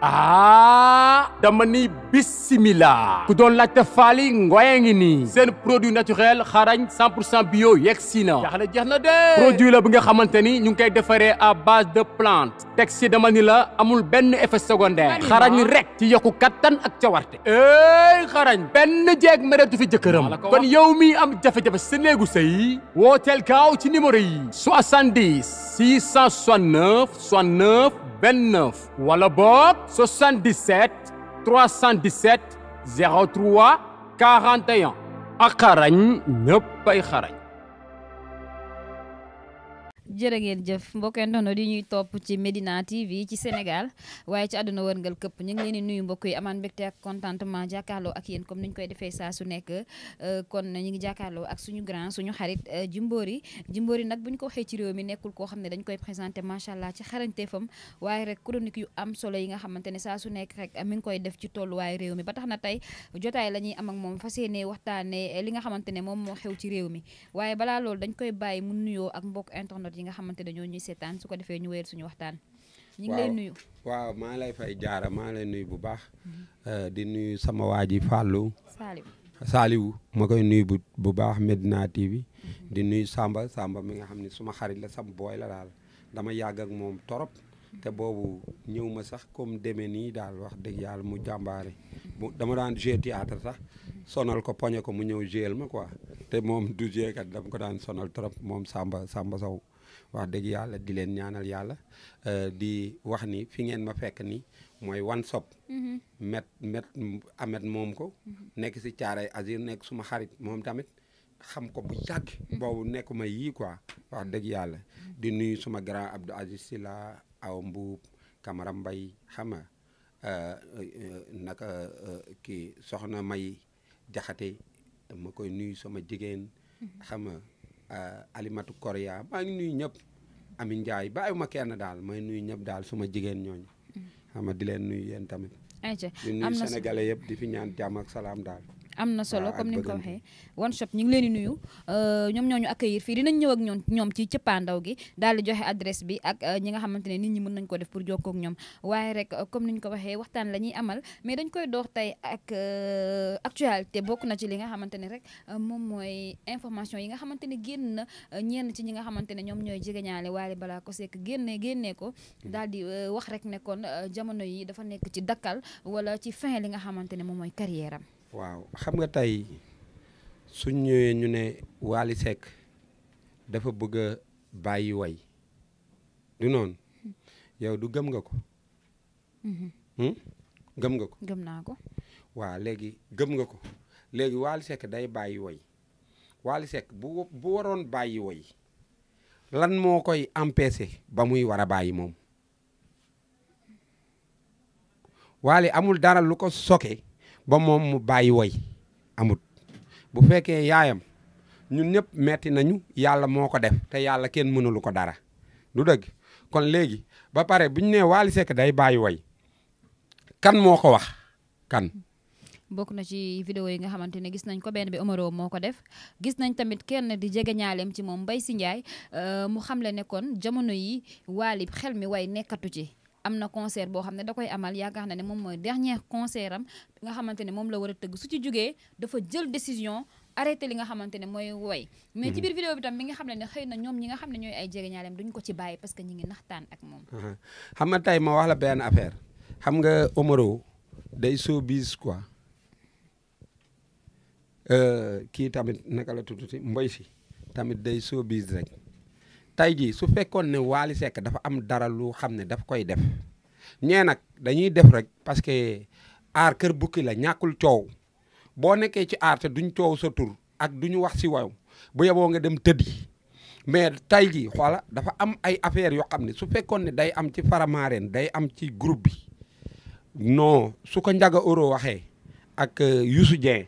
ah dama ni bisimila ku doon laajte faali ngoye ngi nii seen produit naturel xarañ 100 pour cent bio yegg si na jaaxle jeex na de produit la bu nga xamante ni ñu ngi koy defaree a base de plante teg si dama ni la amul benn effet secondaire xarañ rek ci yokku kattan ak cawarte éy xarañ benn jeeg meretu fi jëkkëram kon yow mi am jafe-jafe se néegu sëy wooteel kaaw ci numéro yi 70 669 69 29 walla boog 77 317 03 41 ak xarañ ñëpp ay xarañ jërë ngeen jëf mbokk internet yi ñuy topp ci Medina TV ci Sénégal waaye ci àdduna wërngal këpp ñu ngi leen di nuyu mbokk yi amaan mbégte ak contentement jàkkaarloo ak yéen comme ni ñu koy defee saa su nekk euh, kon ñu ngi jàkkaarloo ak suñu grand suñu xarit euh, Jimbori Jimbori nag bu ñu ko waxee ci réew mi nekkul koo xam ne dañ koy présenté macha allah ci xarañteefam waaye rek chronique yu am solo yi nga xamante ne saa su nekk rek mi ngi koy def ci tolluwaay réew mi ba tax na tey jotaay la ñuy am ak moom fas yéene waxtaane li nga xamante ne moom moo xew ci réew mi waaye balaa loolu dañ koy bàyyi mu nuyoo ak mbokk internet nga xamante dañoo ñoo ñuy seetaan su ko defee ñu wéyal suñu waxtaan. ñu ngi lay nuyu waaw maa lay fay jaara maa lay nuyu bu baax. Mhm. Euh, di nuyu sama waa ji Fallou. Salim ma koy nuyu bu bu baax Medina TV. Mhm. di nuyu Samba Samba mi nga xam ne suma xarit la sam booy la daal dama yàgg ak moom torop te boobu ñëw ma sax comme demee nii daal wax dëgg yàlla mu jàmbaare. bu dama daan jouer théâtre sax sonal ko poñe ko mu ñëw jouer ma ko te moom du jouer kat dama ko daan sonal trop moom Samba Samba Sow wax dëgg yàlla di leen ñaanal yàlla euh, di wax ni fi ngeen ma fekk ni mooy wan sob mm-hmm. met met amet moom ko mm-hmm. nekk si caaray azir nekk suma xarit moom tamit xam ko bu yàgg mm-hmm. boobu nekkuma yii quoi wax dëgg yàlla di nuyu suma grand Abdou Aziz Sila aw mbuub Camara Mbay xam nga euh, euh, naka kii soxna May Jaxate ma koy nuyu sama jigéen xam nga Euh, alimatu koria maa ngi nuyu ñëpp ami njaay bàyyi ma kenn daal may nuyu ñëpp daal suma jigéen ñooñu mm. xam nga di leen nuyu yéen tamit di nuyu sénégalais yëpp di fi ñaan jàmm ak salaam daal am na solo ah, comme ni nga ko waxee one shop ñu ngi leen di nuyu euh, ñoom ñoo ñu accueillir fii dinañ ñëw ak ñoom ñoom ci cëppaandaw gi daal di joxe adresse bi ak euh, ñi nga xamante ne nit ñi mën nañ ko def pour jokkook ñoom waaye rek euh, comme ni ñu ko waxee waxtaan la ñuy amal mais dañ koy door tey ak actualité bokk na ci li nga xamante ne rek moom mooy information yi nga xamante ne génn na ñenn ci ñi nga xamante ne ñoom ñooy jegeñaale Wally Ballago Seck génne génnee ko hmm. daal di wax rek nekkoon kon jamono yi dafa nekk ci dakkal wala ci fin li nga xamante ne moom mooy carrière waaw xam nga tey suñ ñëwee ñu ne Wally Seck dafa bëgg a bàyyi way du noon yow du gëm nga ko. Mm-hmm. Hmm? gëm nga ko. gëm naa ko. waa léegi gëm nga ko léegi Wally Seck day bàyyi woy Wally Seck bu bu waroon bàyyi woy lan moo koy empêcher ba muy war a bàyyi moom Wally amul dara lu ko soke ba moom mu bàyyi woy amut bu fekkee yaayam ñu ñëpp metti nañu yàlla moo ko def te yàlla kenn mënulu ko dara du dëgg kon léegi ba pare bu ñu nee Wally Seck day bàyyi woy kan moo ko wax kan bokk na ci vidéo yi nga xamante ne gis nañ ko benn bi Omaro moo ko def gis nañ tamit kenn di jege ñaaleem ci moom Mbaye si Ndiaye euh, mu xam le nekkoon jamono yi Wally xel mi way nekkatu ci am na concert boo xam ne da koy amal yaakaar na ne moom mooy dernier concert am nga xamante ne moom la war a tëgg su ci jógee dafa jël décision arrêté li nga xamante ne mooy woy mais ci mhm. biir vidéo bi mi nga xam ne ne xëy na ñoom ñi nga xam ne ñooy ay jegeñaaleem duñ ko ci bàyyi parce que ñi ngi naxtaan moom xam nga tey benn affaire xam nga Omaro day showbiz quoi euh, kii tamit naka la tudduti mboy si tamit day showbiz rek tey jii su fekkoon ne Wally Seck dafa am dara lu xam ne daf koy def ñee nag dañuy def rek parce que aar kër bukki la ñàkkul coow boo nekkee ci aar te duñ coow sa tur ak duñu wax si waw bu yeboo nga dem tëddi mais tey jii xoola dafa am ay affaires yoo xam ne su fekkoon ne day am ci faramaareen day am ci groupe bi noo su ko njaga euro waxee ak euh, Youssou Dieng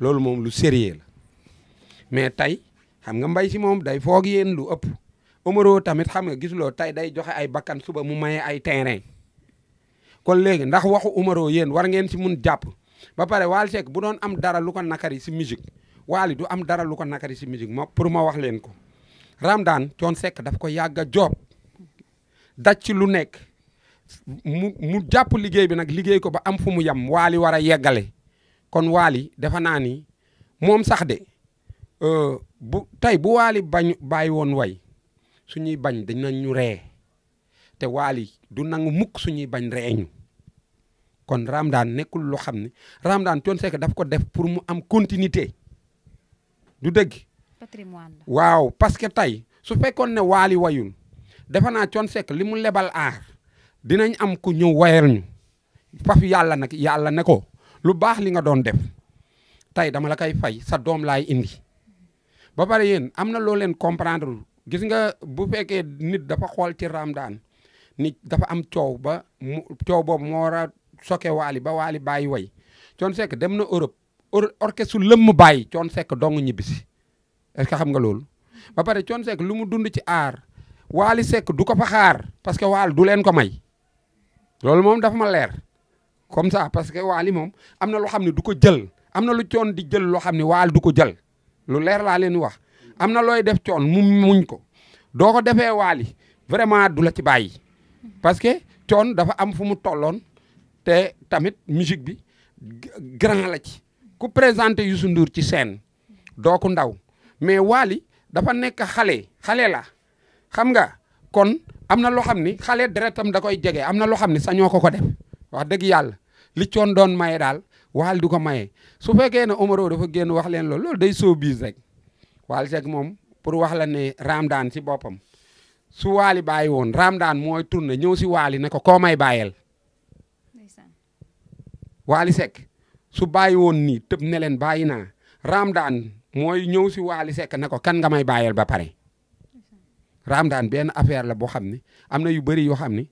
loolu moom lu sérieux la mais tey xam nga mbay si moom day foog yéen lu ëpp Omaro tamit xam nga gisuloo tey day joxe ay bakkan suba mu maye ay terrain kon léegi ndax waxu Omaro yéen war ngeen si mun jàpp ba pare waal sek bu doon am dara lu ko nakari si musique Wally du am dara lu ko nakari si musique ma pour ma wax leen ko Ramdan Thione Seck daf ko yàgg a joob lu nekk mu mu jàpp liggéey bi nag liggéey ko ba am fu mu yem Wally war a yeggale kon Wally defe naa ni moom sax de euh, bu tey bu Wally bañ bàyyi woon way suñuy bañ dinañu ree te waali du nangu mukk suñuy bañ reeñu kon Ramadaan nekkul loo xam ne Ramadaan Thione Seck daf ko def pour mu am continuité du dëgg patrimoine waaw parce que tey su fekkoon ne waali wayul defe naa Thione li mu lebal aar dinañ am ku ñëw wayal ñu faf yàlla nag yàlla ne ko lu baax li nga doon def tey dama la koy fay sa doom laay indi ba pare yéen am na loo leen comprendre gis nga bu fekkee nit dafa xool ci Ramadaan nit dafa am coow ba coow boobu moo war a soke waali ba waali bàyyi way coon Seck dem na Europe orchestre lëmm bàyyi coon sekk dong ñibbisi est-ce que xam nga loolu ba pare Thione Seck lu mu dund ci aar waali sekk du ko fa xaar parce que waal du leen ko may loolu moom dafa ma leer comme ça parce que waali moom am na loo xam ne du ko jël am na lu Thione di jël loo xam ni waal du ko jël lu leer laa leen wax am na looy def coon mu muñ ko doo ko defee waali vraiment du la ci bàyyi parce que coon dafa am fu mu tolloon te tamit musique bi grand la ci ku présenté Youssou Ndour ci seen doo ko ndaw mais waali dafa nekk xale xale la xam nga kon am na loo xam ni xale deretam da koy jege am na loo xam ni ñoo ko ko def wax dëgg yàlla li coon doon maye daal waali du ko maye su fekkee ne Omaro dafa génn wax leen loolu loolu day sóobis rek Wally Seck moom pour wax la ne Ramadane si boppam su Wally bàyyi woon Ramadane mooy na ñëw si Wally na ko koo may bàyyeel. Wally Seck su bàyyi woon nii tëb ne leen bàyyi naa Ramadane mooy ñëw si Wally Seck na ko kan nga may bàyyeel ba pare. Ramadane benn affaire la boo xam ne am na yu bëri yoo xam ne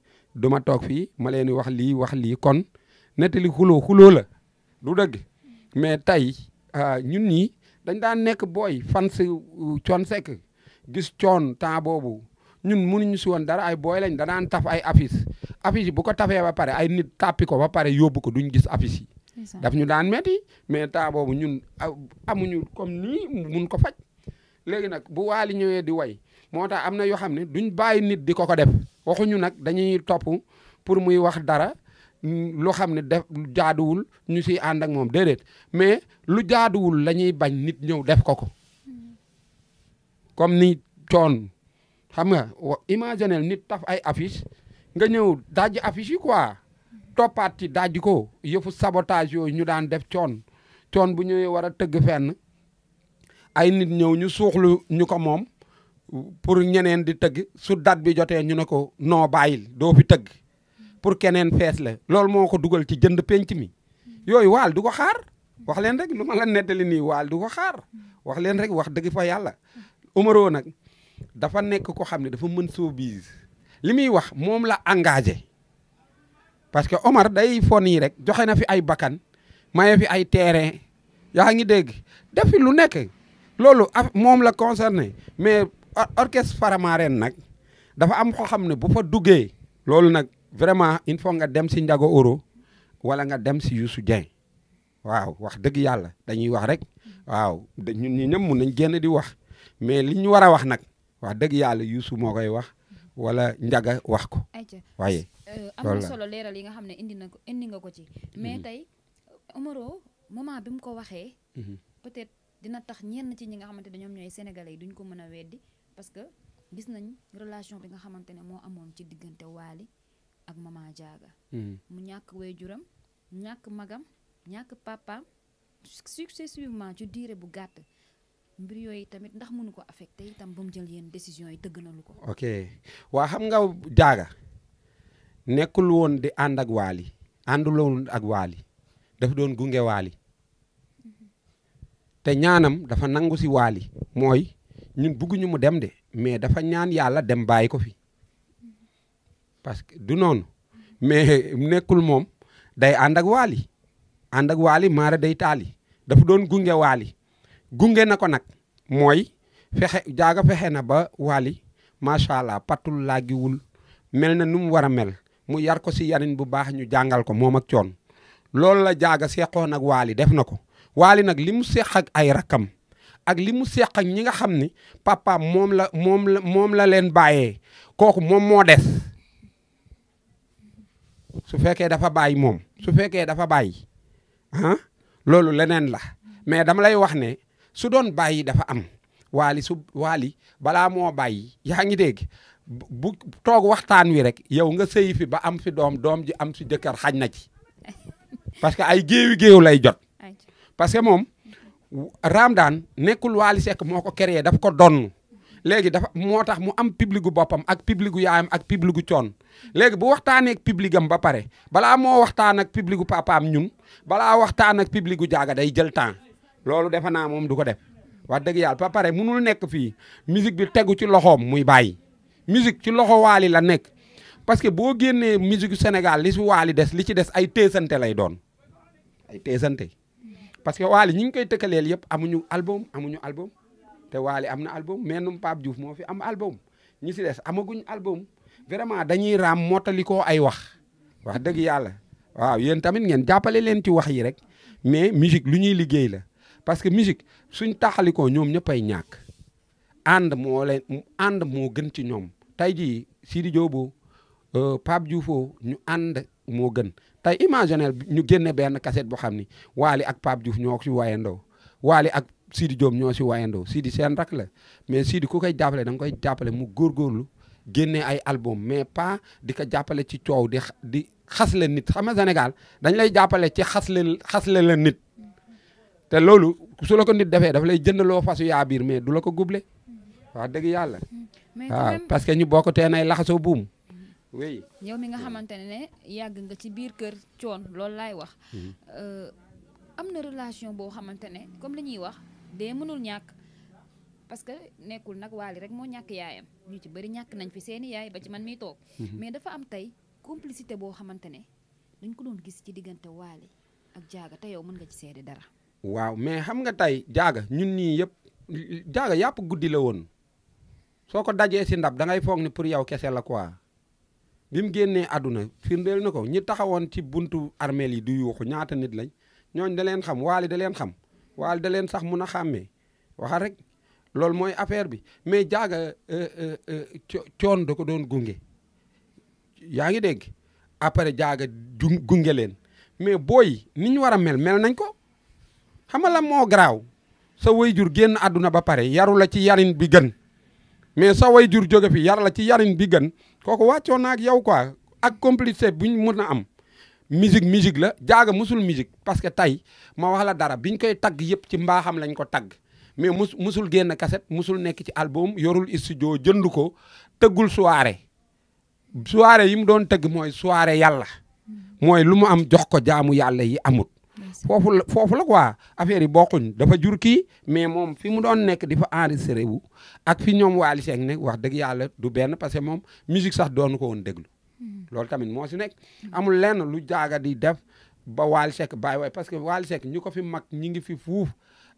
du ma toog fii ma leen di wax lii wax lii kon nettali xuloo xuloo la du dëgg mm. mais tey euh, ñun ñii. dañ daan nekk booy fan si coon uh, sekk gis coon temps boobu ñun mënuñu si woon dara ay booy lañ danaan taf ay affiche affiche yi bu ko tafee ba pare ay nit tàppi ko ba pare yóbbu ko duñ gis affiche yi daf ñu daan meti mais temps boobu ñun a amuñu comme nii mun ko faj léegi nag bu waali ñëwee di way moo tax am na yoo xam ne duñ bàyyi nit di ko ko def waxuñu nag dañuy topp pour muy wax dara loo xam ne def jaaduwul ñu si ànd ak moom déedéet mais lu jaaduwul lañuy bañ nit ñëw def ko ko comme ni coon xam nga imaginel nit taf ay affiche nga ñëw dajji affiche yi quoi toppaat ci dajji ko yëfu sabotage yooyu ñu daan def coon coon bu ñëwee war a tëgg fenn ay nit ñëw ñu suuxlu ñu ko moom pour ñeneen di tëgg su dat bi jotee ñu ne ko noo bàyyil doo fi tëgg pour keneen fees la loolu moo ko dugal ci jënd penc mi yooyu waal du ko xaar wax leen rek lu ma la nettali nii waal du ko xaar wax leen rek wax dëgg fa yàlla Omaro nag dafa nekk ko xam ne dafa mën showbiz li muy wax moom la engagé parce que Omar day fon yi rek joxe na fi ay bakkan maye fi ay terrain yaa ngi dégg def fi lu nekk loolu moom la concerné mais orchestre Faramareen nag dafa am ko xam ne bu fa duggee loolu nag vraiment il faut nga dem si Ndiago oro wala nga dem si Youssou Dieng waaw wax dëgg yàlla dañuy wax rek waaw ñun ñi ñëpp mun nañ génn di wax mais li ñu war a wax nag wax dëgg yàlla Youssou moo koy wax wala Ndiaga wax ko. waaye euh, am na solo leeral yi nga xam ne indi na ko indi nga ko ci. mais mhm. tey Omaro moment bi mu ko waxee. Mhm. peut-être dina tax ñenn ci ñi nga xamante ne ñoom ñooy sénégale yi duñ ko mën a weddi parce que gis nañ relation bi nga xamante ne moo amoon ci diggante Wally ak maman hmm. mu ñàkk waajuram ñàkk magam ñàkk papaam successivement ci diire bu gàtt mbir yooyu tamit ndax mënu ko affecté itam ba mu jël yenn décision yi dëgg na lu ko ok waa xam nga jaaga nekkul woon di ànd ak waali àndul woon ak Wally dafa doon gunge waali mm-hmm. te ñaanam dafa nangu si Wally mooy ñun bugguñu mu dem de mais dafa ñaan yàlla dem bàyyi ko fi parce que du noonu mais nekkul moom day ànd ak waali ànd ak waali maara day taali dafa doon gunge waali gunge na ko nag mooy fexe jaaga fexe na ba waali macha allah pattul laagiwul mel na nu mu war a mel mu yar ko si yarin bu baax ñu jàngal ko moom ak coon loolu la jaaga seqoon ak waali def na ko waali nag li mu seq ak ay rakkam ak li mu seq ak ñi nga xam ni papa moom la moom la moom la leen bàyyee kooku moom moo des su fekkee dafa bàyyi moom su fekkee dafa bàyyi ah, loolu leneen la mais dama lay wax ne su doon bàyyi dafa am waali su waali balaa moo bàyyi yaa ngi dégg bu toog waxtaan wi rek yow nga sëyi fi ba am fi doom doom ji am si jëkkër xaaj na ci parce que ay géewi géew lay jot parce que moom Raam Daan nekkul Waly Seck moo ko créé daf ko donn léegi dafa moo tax mu am public gu boppam ak public gu yaayam ak public gu coon léegi bu waxtaaneek ak ba pare balaa moo waxtaan ak public gu papaam ñun balaa waxtaan ak public gu jaaga day jël temps loolu defe naa moom du ko def wax dëgg yàlla ba pare munul nekk fii musique bi tegu ci loxoom muy bàyyi musique ci loxo waali la nekk parce que boo génnee musique Sénégal li si waali des li ci des ay teesante lay doon ay teesante parce que waali ñi ngi koy tëkkaleel yëpp amuñu album amuñu album te Waly am na album num Pape Diouf moo fi am album ñi si des amaguñ album vraiment dañuy raam mottali koo ay wax wax dëgg yàlla waaw yéen tamit ngeen jàppale leen ci wax yi rek mais musique lu ñuy liggéey la parce que musique suñ taxalikoo ñoom ñëppay ñàkk ànd moo ànd moo gën ci ñoom tey jii Sidi Diop euh, Pape Diouf ñu ànd moo gën tey imaginel ñu génne benn cassette boo xam ni Waly ak Pape Diouf ñoo ko si wayandoo Waly ak Sidi Diop ñoo si waayandoo Sidi seen rak la mais Sidi ku koy jàppale da nga koy jàppale mu góorgóorlu génnee ay album mais pas di ko jàppale ci coow di di xas leen nit xam nga Sénégal dañ lay jàppale ci xas leen xas leen la nit te loolu su la ko nit defee daf lay jëndaloo fasu yaa biir mais du la ko guble wax dëgg yàlla waaw parce que ñu bokk tee nay laxasoo buum oui yow mi nga xamante ne yàgg nga ci biir kër coon lool laay wax hmm. euh, am na relation boo xamante ne comme li wax dee mënul ñàkk parce que nekkul nag waali rek moo ñàkk yaayam ñu ci bëri ñàkk nañ fi seeni yaay ba ci man miy toog mhm. mais dafa am tey complicité boo xamante ne dañ ko doon gis ci diggante waali ak jaaga te yow mën nga ci seede dara waaw mais xam nga tey jaaga ñun ñii yëpp jaaga yàpp guddi la woon soo ko dajee si ndab da foog ni pour yow kese la quoi bi mu génnee àdduna firndeel na ko ñi taxawoon ci buntu armeel yi du yuuxu ñaata nit lañ ñooñ da leen xam waali da leen xam waal da leen sax mun a xàmmee waxal rek loolu mooy affaire bi mais jaaga euh, euh, euh, coon da ko doon gunge yaa ngi dégg après jaaga du gunge leen mais booy ni ñu war a mel mel nañ ko xam nga la moo garaaw sa jur génn àdduna ba pare yaru la ci yarin bi gën mais sa jur jóge fi yar la ci yarin bi gën kooku wàccoon na ak yow quoi ak complicité buñ mun a am musique musique la jaaga musul musique parce que tey ma wax la dara biñ koy tagg yëpp ci mbaaxam lañ ko tagg mais mus musul génn cassette musul nekk ci album yorul studio jënd ko tëggul soirée soirée yi mu doon tëgg mooy soirée yàlla mooy lu mu am jox ko jaamu yàlla yi amut foofu la foofu la quoi affaire yi bokkuñ dafa jur kii mais moom fi mu doon nekk di fa enregistré wu ak fi ñoom Wally Seck nekk wax dëgg yàlla du benn parce que moom musique sa doonu ko woon déglu loolu tamit moo si nekk. Hmm. amul lenn lu jaaga di def ba waal Seck bàyyi waay parce que Wally Seck ñu ko fi mag ñi ngi fi fuuf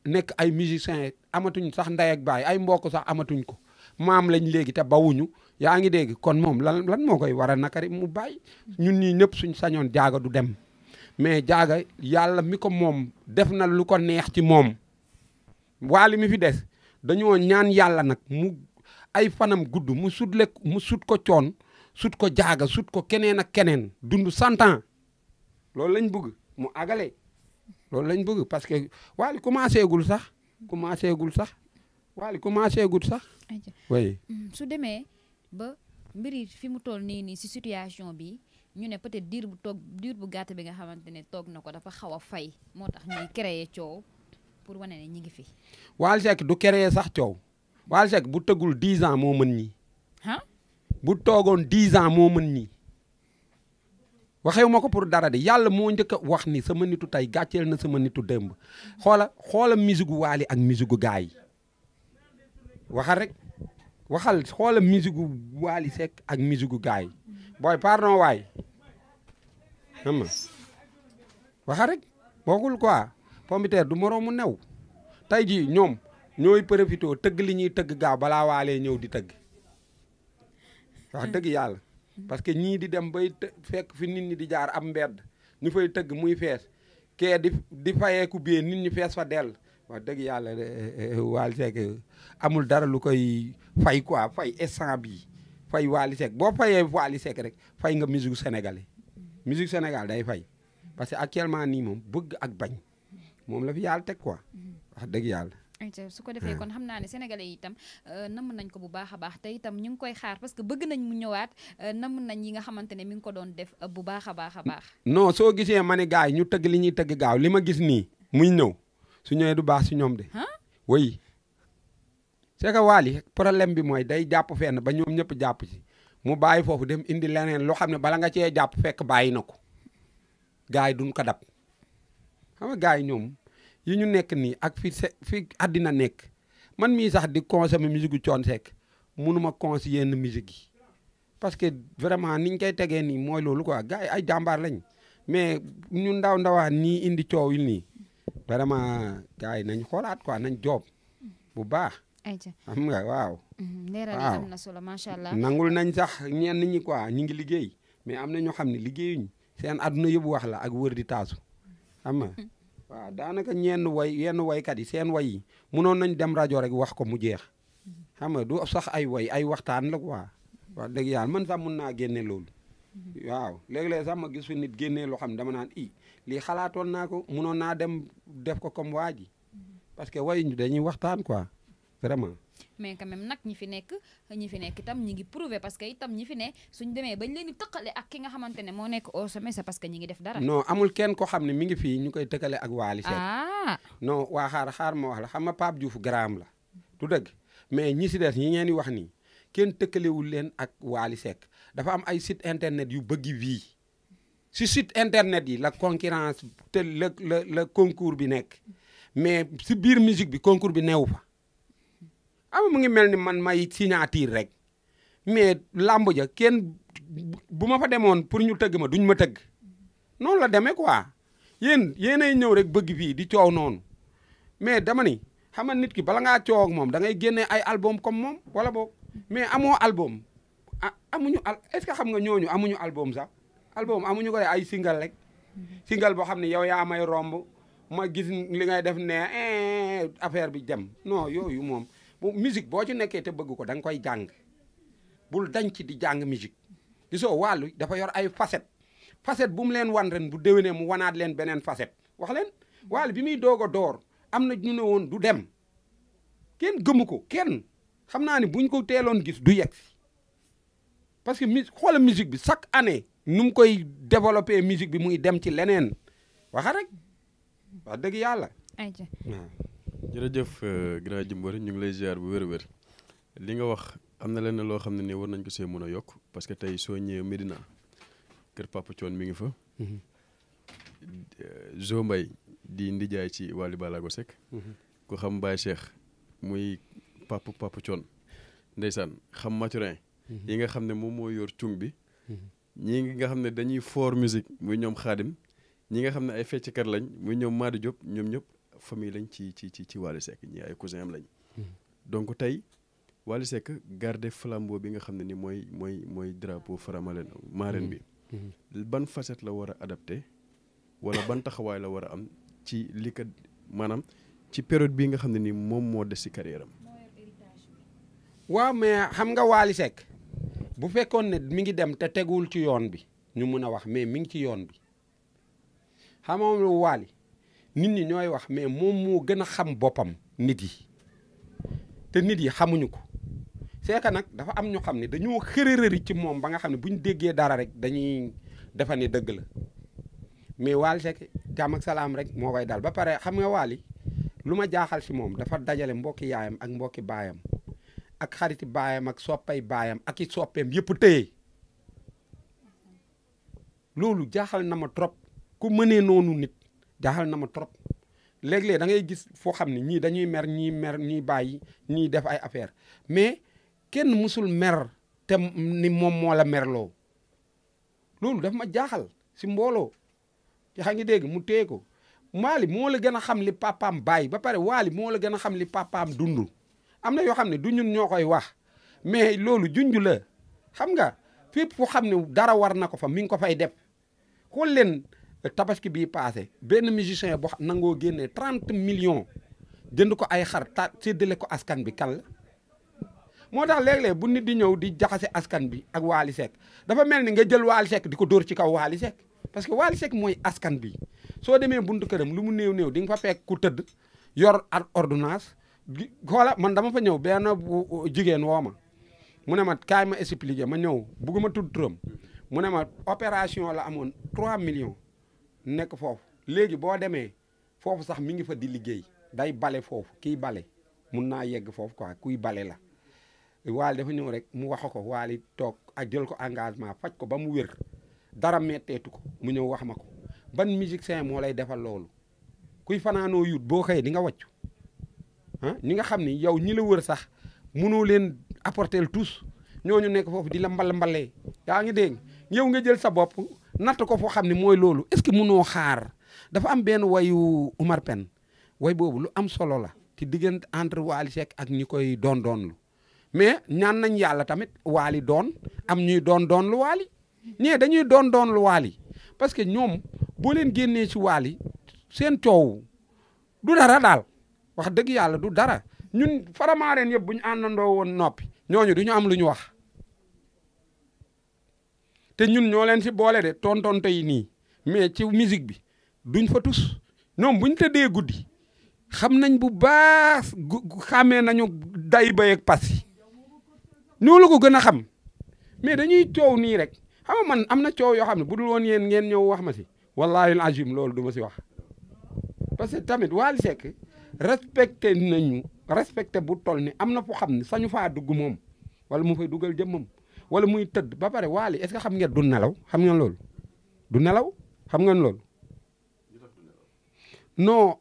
nekk ay musiciens amatuñ sax ndey ak baay ay mbokk sax amatuñ ko maam lañ léegi te bawuñu yaa ngi dégg kon moom lan lan moo koy waral nakari mu bàyyi. ñun ñii ñëpp suñ sañoon jaaga du dem mais jaaga yàlla mi ko moom def na lu ko neex ci moom. Wally mi fi des dañoo ñaan yàlla nag mu ay fanam gudd mu sut le mu sut ko coon. sut ko jaaga sut ko keneen ak keneen dund cent loolu lañ bugg mu agale loolu lañ bugg parce que waali commencé gul sax commencé gul sax waali commencé gul sax mm, su demee ba mbiri fi mu toll nii nii si situation bi ñu ne peut-être diir bu toog diir bu gàtt bi nga xamante ne toog na ko dafa xaw a fay moo tax ñuy créer coow pour wane ne ñi ngi fi Wally Seck du créer sax coow Wally Seck bu tëggul 10 ans moo mën ñi bu toogoon dix ans moo mën nii waxewu ma ko pour dara de yàlla moo njëkk wax ni sama nitu tey gàcceel na sama nitu démb xoola xoola musique gu waali ak musique gu gaa yi waxal rek waxal xoola musique gu waali sekk ak musique gu gaa yi booy pardon waay xam nga waxal rek bokkul quoi pompiteer du moroomu new tey jii ñoom ñooy profité tëgg li ñuy tëgg gaaw balaa waalee ñëw di tëgg wax hmm. dëgg yàlla parce que ñii di dem bay fekk fi nit ñi di jaar ab mbedd ñu fay tëgg muy fees kee di di fayeeku bie nit ñi fees fa dell wax dëgg yàlla eh, eh, eh, Wally Seck amul dara lu koy fay quoi fay instant bii fay Wally Seck boo fayee Wally Seck rek fay nga musique sénégalais musique sénégal day fay parce que actuellement nii moom bëgg ak bañ moom la fi yàlla teg quoi wax dëgg yàlla su ko defee hmm. kon xam naa ne sénégalais yi itam euh, namm nañ ko bu baax a baax te itam ñu ngi koy xaar parce que bëgg nañ mu ñëwaat euh, namm nañ yi nga xamante ne mi ngi ko doon def euh, bu baax a baax a baax no soo gisee ma ne gars yi ñu tëgg li ñuy tëgg gaaw li ma gis nii muy ñëw su ñëwee du baax si ñoom de way c'est que Wally problème bi mooy day jàpp fenn ba ñoom ñëpp jàpp ci mu bàyyi foofu dem indi leneen loo xam ne bala nga cee jàpp fekk bàyyi na ko gars yi duñ ko dab xam yi ñu nekk nii ak fi se fi àddina nekk man mii sax di consommer musique gu Thione Seck mënuma cons yenn musique yi parce que vraiment niñ koy tegee nii mooy loolu quoi gars yi ay jàmbaar lañ mais ñu ndaw ndawaan nii indi coow yi nii vraiment gars yi nañ xoolaat quoi nañ joob bu baax. xam nga waaw. Mm-hmm. leeral yi am na solo macha allah nangul nañ sax ñenn ñi quoi ñu ngi liggéey mais am na ñoo xam ne liggéeyuñ seen àdduna yëpp wax la ak wër di taasu xam waaw daanaka ñenn way yenn woykat yi seen way yi munoon nañu dem rajo rek wax ko mu jeex xam nga du sax ay woy ay waxtaan la quoi wax dëgg yàlla man sax mun naa génne loolu waaw léegi léeg sax ma gis fi nit génnee loo xam ne dama naan i lii xalaatoon naa ko munoon naa dem def ko comme waa ji parce que way ñu dañuy waxtaan quoi vraiment mais quand nag ñi fi nekk ñi fi nekk itam ñi ngi prouver parce que itam ñi fi ne suñ demee bañ leen di tëqale ak ki nga xamante ne moo nekk au sommet c'est parce que ñi ngi def dara. non amul kenn ko xam ne mu ngi fii ñu koy tëkkale ak Waly Seck. ah non xaar xaar wax la xam nga Pape Diouf garaam la. du dëgg mais ñi si des ñi ngeen di wax nii kenn tëkkalewul leen ak Waly Seck dafa am ay site internet yu bëgg wii si site internet yi la concurrence te la la la concours bi nekk mais si biir musique bi concours bi neew fa. ama mu ngi mel ni man may signature rek mais làmb ja kenn bu ma fa demoon pour ñu tëgg ma duñ ma tëgg noonu la demee quoi yéen yéenay ñëw rek bëgg fii di coow noonu mais dama ni xam nga nit ki bala ngaa coow ak moom da ngay génnee ay album comme moom wala boog mais amoo album amuñu al est-ce que xam nga ñooñu amuñu album sax album amuñu ko ay singal rek single boo xam ne yow yaa may romb ma gis li ngay def ne eh, affaire bi dem non yooyu moom bu musique boo ci nekkee te bëgg ko da koy jàng bul dañ ci di jàng musique gisoo wàllu dafa yor ay facette facette bu mu leen wan ren bu dewenee mu wanaat leen beneen facette wax leen wàllu bi muy doog a door am na ñu ne woon du dem kenn gëmu ko kenn xam naa ne buñ ko teeloon gis du yegg si parce que mi xoola musique bi chaque année nu koy développer musique bi muy dem ci leneen waxa rek wax dëgg yàlla. jërëjëf euh, grand Jimbori ñu ngi lay ziar bu wér-wér li nga wax am na lenn loo xam ne ni war nañ ko see mën a yokk parce que tey soo ñëwee Medina kër Papa Thione mi ngi fa. Mhm. Euh, Zo Mbaye di ndijaay ci Wally Ballago Seck. Mhm. ku xam Baye Cheikh muy papa Papa Thione ndeysaan xam maturin mhm. yi nga xam ne moom moo yor cung bi. ñii nga xam ne dañuy foor musique muy ñoom xaadim ñi nga xam ne ay fecckat lañ muy ñoom Madi Diop ñoom ñëpp. famille lañ ci ci ci ci Wally Seck ñi ay cousin am lañ. donc tey Wally Seck garder flambeau bi nga xam ne ni mooy mooy mooy drapeau faramaren marraine bi. ban facette la war a adapté wala ban taxawaay la war a am ci li ko maanaam ci période bii nga xam ne ni moom moo des si carrière waa mais xam nga Wally Seck bu fekkoon ne mi ngi dem te tegul ci yoon bi ñu mën a wax mais mi ngi ci yoon bi xam nga nit ñi ñooy wax mais moom moo gën a xam boppam nit yi te nit yi xamuñu ko c'est que nag dafa am ñu xam ne dañoo xërërëri ci moom ba nga xam ne bu ñu déggee dara rek dañuy defa ne dëgg la mais Wally Seck jàmm salaam rek moo koy daal ba pare xam nga Wally lu ma jaaxal si moom dafa dajale mbokki yaayam ak mbokki baayam ak xariti baayam ak soppay baayam ak i soppeem yëpp téye loolu jaaxal na ma trop ku mënee noonu nit jaaxal na ma trop léeg-léeg da ngay gis foo xam ne ñii dañuy mer ñii mer ñii bàyyi ñuy def ay affaire mais kenn musul mer te ni moom moo la merloo loolu daf ma jaaxal si mbooloo yaa ngi dégg mu téye ko waali moo la gën a xam li papaam bàyyi ba pare waali moo la gën a xam li papaam dundu am na yoo xam ne du ñoo koy wax mais loolu junj la xam nga fépp foo xam ne dara war na ko fa mi ngi ko fay def xool tabaski bii paase benn musicien boo nangoo génnee trente million jënd ko ay xar ta séddale ko askan bi kan la moo tax léeg-léeg bu nit di ñëw di jaxase askan bi ak Waly Seck dafa mel ni nga jël Waly Seck di ko dóor ci kaw Waly Seck parce que Waly Seck mooy askan bi soo demee buntu këram lu mu néew néew di nga fa fekk ku tëdd yor ak ordonnance xoola man dama fa ñëw benn jigéen woo mu ne ma kaay ma expliquer ma ñëw bugguma tudd turam mu ne ma opération la amoon 3 millions nekk foofu léegi boo demee foofu sax mi ngi fa di liggéey day bale foofu kiy bale mun naa yegg foofu ko quoi kuy bale la waali dafa ñëw rek mu wax ko waali toog ak jël ko engagement faj ko ba mu wér dara metteetu ko mu ñëw wax ma ko ban musicien moo lay defal loolu kuy fanaanoo yut boo xëyee di nga wàccu ah ñi nga xam ni yow ñi la wër sax mënoo leen apporter tous ñooñu nekk foofu di la mbal mbalee yaa ngi dégg yow nga jël sa bopp natt ko foo xam ne mooy loolu est-ce que mënoo xaar dafa am benn wayu Umar Pen way boobu lu am solo la ci diggante entre Wally Seck ak ñi koy doon doon lu mais ñaan nañ yàlla tamit Wally doon am ñuy doon doon lu Wally ñee dañuy doon doon lu Wally parce que ñoom boo leen génnee ci Wally seen coow du dara daal wax dëgg yàlla du dara ñun faramaareen yëpp bu ñu àndandoo woon noppi ñooñu du ñu am lu ñu wax te ñun ñoo leen si boole de tontonte yi nii mais ci musique bi duñ fa tus ñoom buñ tëddee guddi xam nañ bu baax xàmmee nañu day bay ak pas yi ñoo la ko gën a xam mais dañuy coow nii rek xam man am na coow yoo xam ne bu dul woon yéen ngeen ñëw wax ma si wallaahi azim loolu du ma si wax parce que tamit Wally Seck respecté nañu respecté bu toll ni am na fu xam ne sañu faa dugg moom wala mu fay dugal jëmmam wala muy tëdd ba pare waali est-ce xam ngeen du nelaw xam ngeen loolu du nelaw xam ngeen loolu non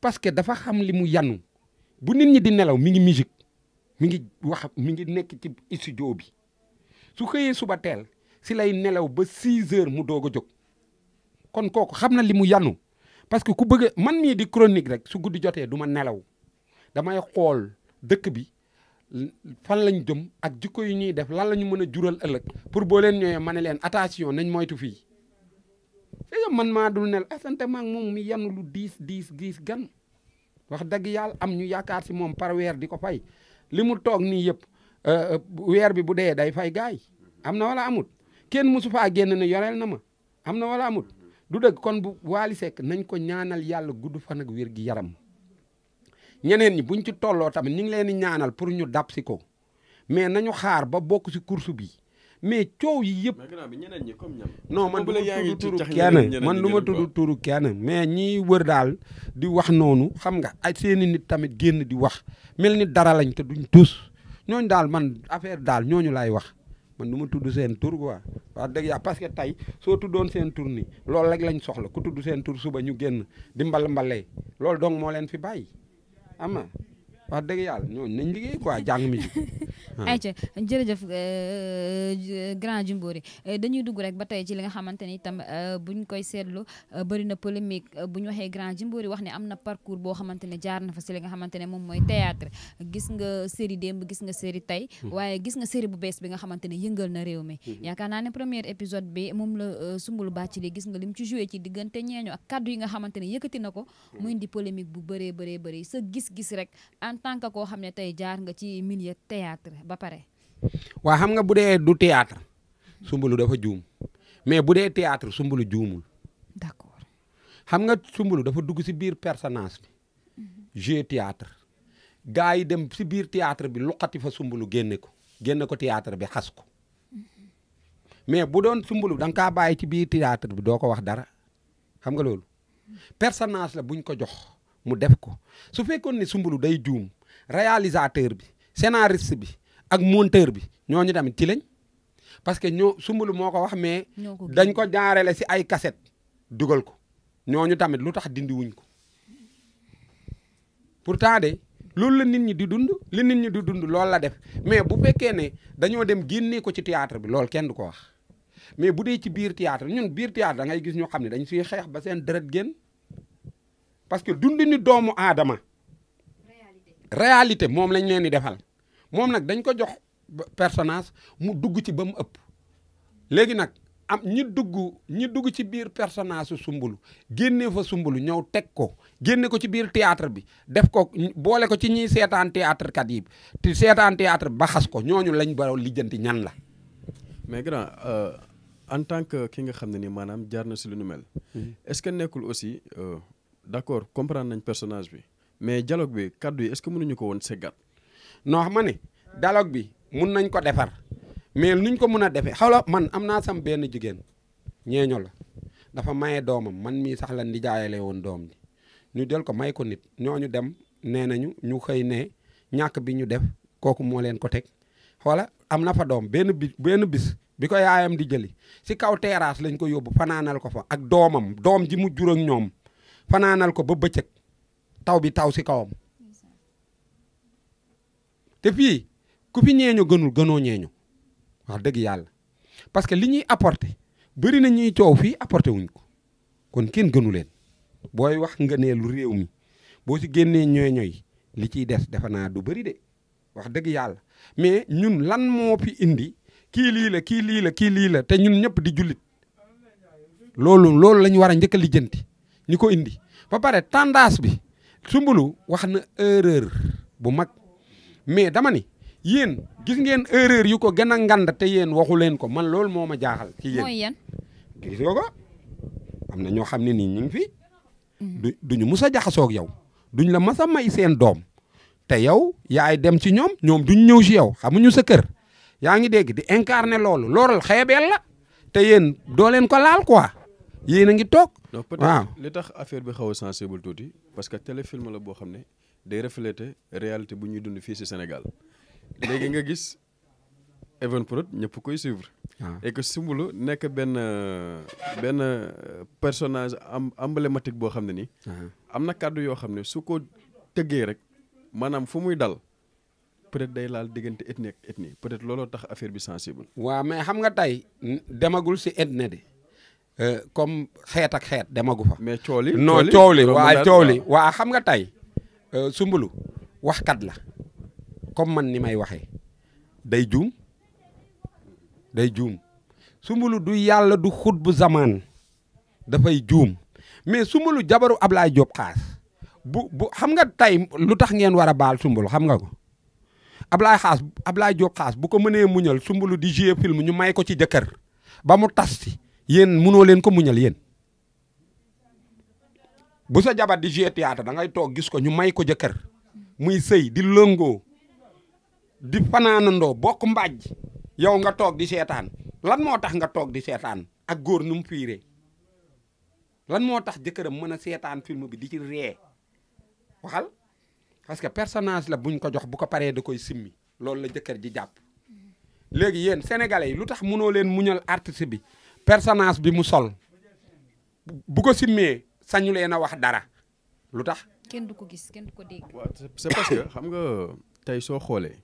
parce que dafa xam li mu yanu bu nit ñi di nelaw mi ngi musique mi ngi wax mi ngi nekk ci studio bi su xëyee suba teel si lay nelaw ba 6 heures mu doog a jóg kon kooku xam na li mu yanu parce que ku bëgg man mii di chronique rek su guddi jotee du ma nelaw damay xool dëkk bi fan lañu jëm ak jukko yu ñuy def lan la ñu mën a jural ëllëg pour boo leen ñëwee ma ne leen attention nañ moytu fii fekk man maa dul nel asante maa moom mi yanu lu diis diis diis gan wax dagg yàlla am ñu yaakaar si moom par weer di ko fay li mu toog nii yëpp euh, euh, weer bi bu dee day fay gaay am na wala amut kenn mosu faa génn ne yoreel na ma am na wala amut du dëgg kon bu Wally Seck nañ ko ñaanal yàlla gudd fan ak wér gi yaram ñeneen ñi bu buñ ci tolloo tamit ñu ngi leen di ñaanal pour ñu dab si ko mais nañu xaar ba bokk si course bi mais coow yi yëpp. noo man du ma tudd turu kenn man du ma tudd turu kenn mais ñiy wër daal di wax noonu xam nga ay seeni nit tamit génn di wax mel ni dara lañ te duñ tus ñooñ daal man affaire daal ñooñu laay wax man du ma tudd seen tur quoi wax dëgg yàlla parce que tey soo tuddoon seen tur ni loolu rek lañ soxla ku tudd seen tur suba ñu génn di mbal mbalee loolu donc moo leen fi bàyyi. ama wax dëgg yàlla ñooñu nañ liggéey quoi jàng mi. ayca jërëjëf euh, euh, grand Jimbori euh, dañuy dugg rek ba tey ci li nga xamante ni itam buñ koy seetlu bëri na polémique bu ñu waxee grand Jimbori wax ne am na parcours boo xamante ne jaar na fa si li nga xamante ne moom mooy théâtre gis nga série démb gis nga série tey hmm. waaye gis nga série bu bees bi nga xamante ne yëngal na réew mi hmm. yaakaar naa ne premier épisode bi moom la sumbulu bàcc li gis nga lim ci joué ci diggante ñeeño ak kaddu yi nga xamante ne yëkkati na ko hmm. muy indi polémique bu bëree bëree bëri sa gis-gis rek en tant que koo xam ne tey jaar nga ci milieu théâtre ba pare. waa xam nga bu dee du théâtre sumbulu dafa juum mais bu dee théâtre sumbulu juumul. d'accord nga sumbulu dafa dugg si biir personnage bi. jeu théâtre gars yi dem si biir théâtre bi luqati fa sumbulu génne ko génne ko théâtre bi xas ko mais bu doon sumbulu da kaa bàyyi ci biir théâtre bi doo ko wax dara xam nga loolu personnage la buñ ko jox. mu def ko su fekkoon ne Soumboulou day juum réalisateur bi scénariste bi ak monteur bi ñooñu tamit ci lañ parce que ñoo sumbulu moo ko wax mais. dañ ko jaarale si ay kaset dugal ko ñooñu tamit lu tax dindi wuñ ko pourtant de loolu la nit ñi di dund li nit ñi di dund loolu la def mais bu fekkee ne dañoo dem génnee ko ci théâtre bi lool kenn du ko wax mais bu dee ci biir théâtre ñun biir théâtre da ngay gis ñoo xam ne dañ suy xeex ba seen deret génn parce que dundinu doomu aadama réalité moom lañ leen di defal moom nag dañ ko jox personnage mu dugg ci ba mu ëpp léegi nag am ñi dugg ñi dugg ci biir personnage su sumbulu génne fa sumbulu ñëw teg ko génne ko ci biir théâtre bi def ko boole ko ci ñiy seetaan théâtre kat yi te seetaan bi ba xas ko ñooñu lañ baraw lijjanti ñan la mais grand euh, en tant que ki nga xam ne ni maanaam jaar na si lu nu mel mm-hmm. est-ce que nekkul aussi euh, d'accord comprendre nañ personnage bi mais dialogue bi kàddu yi est-ce que mënuñu ko woon seggat. non ma ne dialogue bi mun nañ ko defar mais nuñ ko mun a defee xawla man am naa sam benn jigéen ñeeño la dafa maye doomam man mii sax la di jaayale woon doom ji ñu jël ko may ko nit ñooñu dem nee nañu ñu xëy ne ñàkk bi ñu def kooku moo leen ko teg xoola am na fa doom benn benn bis bi ko yaayam di jëli si kaw terrasse lañ ko yóbbu fanaanal ko fa ak doomam doom ji mu jur ñoom fanaanal ko ba bëccëg taw bi taw si kawam te fii ku fi ñeeñu gënul gënoo ñeeñu wax dëgg yàlla parce que li ñuy apporter bëri na ñuy coow fii apporter wuñ ko kon kenn gënu leen booy wax nga lu réew mi boo si génnee ñooy ñooy li ciy des defe naa du bëri de wax dëgg yàlla mais ñun lan moo fi indi kii lii la kii lii la kii lii la te ñun ñëpp di jullit loolu loolu la ñu war a njëkk a lijjanti ñu ko indi ba pare tendance bi sumbulu wax na erreur bu mag mais dama ni yéen gis ngeen erreur yu ko gën a ngand te yéen waxu leen ko man loolu moo ma jaaxal. ci yéen mooy yan. gis nga ko am na ñoo xam ne nii ñu ngi fi. Mm. du duñu mus a jaxasoog yow duñ la mas a may seen doom te yow yaay dem ci ñoom ñoom duñ ñëw si yow xamuñu sa kër yaa ngi dégg di incarner loolu loolal xeebeel la te yéen doo leen ko laal quoi. yéen na ngi toog. waaw li tax affaire bi xaw a sensible tuuti parce que téléfilm la boo xam ne day refléter réalité bu ñuy dund fii si Sénégal léegi nga gis Evenprod ñëpp koy suivre. Ah. et que nekk benn benn personnage am emblématique boo xam ne nii. Ah. am na kàddu yoo xam ne su ko tëggee rek maanaam fu muy dal. peut-être day laal diggante ethnie ak ethnie peut-être looloo tax affaire bi sensible. waa mais xam nga tey demagul si ethnie de. Euh, comme xeet ak xeet demagu fa. mais coow li non waa coow waa xam nga tey euh, Soumboulou waxkat la comme man ni may waxee day juum day juum Soumboulou du yàlla du xut bu zamaan dafay juum mais Soumboulou jabaru Ablaye Diop xaas xam nga tey lu tax ngeen a baal Soumboulou xam nga ko Ablaye xaas Ablaye Diop bu ko mënee muñal Soumboulou di jouer film ñu may ko ci jëkkër ba mu tas ci yéen munoo leen ko muñal yéen bu sa jabar di jouer théâtre da ngay toog gis ko ñu may ko jëkkër muy sëy di lëngoo di fanaanandoo bokk mbaaj yow nga toog di seetaan lan moo tax nga toog di seetaan ak góor nu mu lan moo tax jëkkëram mën a seetaan film bi di ci ree waxal parce que personnage la buñ ko jox bu ko paree da koy simmi loolu la jëkkër ji jàpp léegi yéen sénégalais yi lu tax munoo leen muñal artiste bi personnage bi mu sol bu ko simmee sañu leen a wax dara lu tax. kenn du ko gis kenn du ko dégg. waaw c'est parce que xam nga tey soo xoolee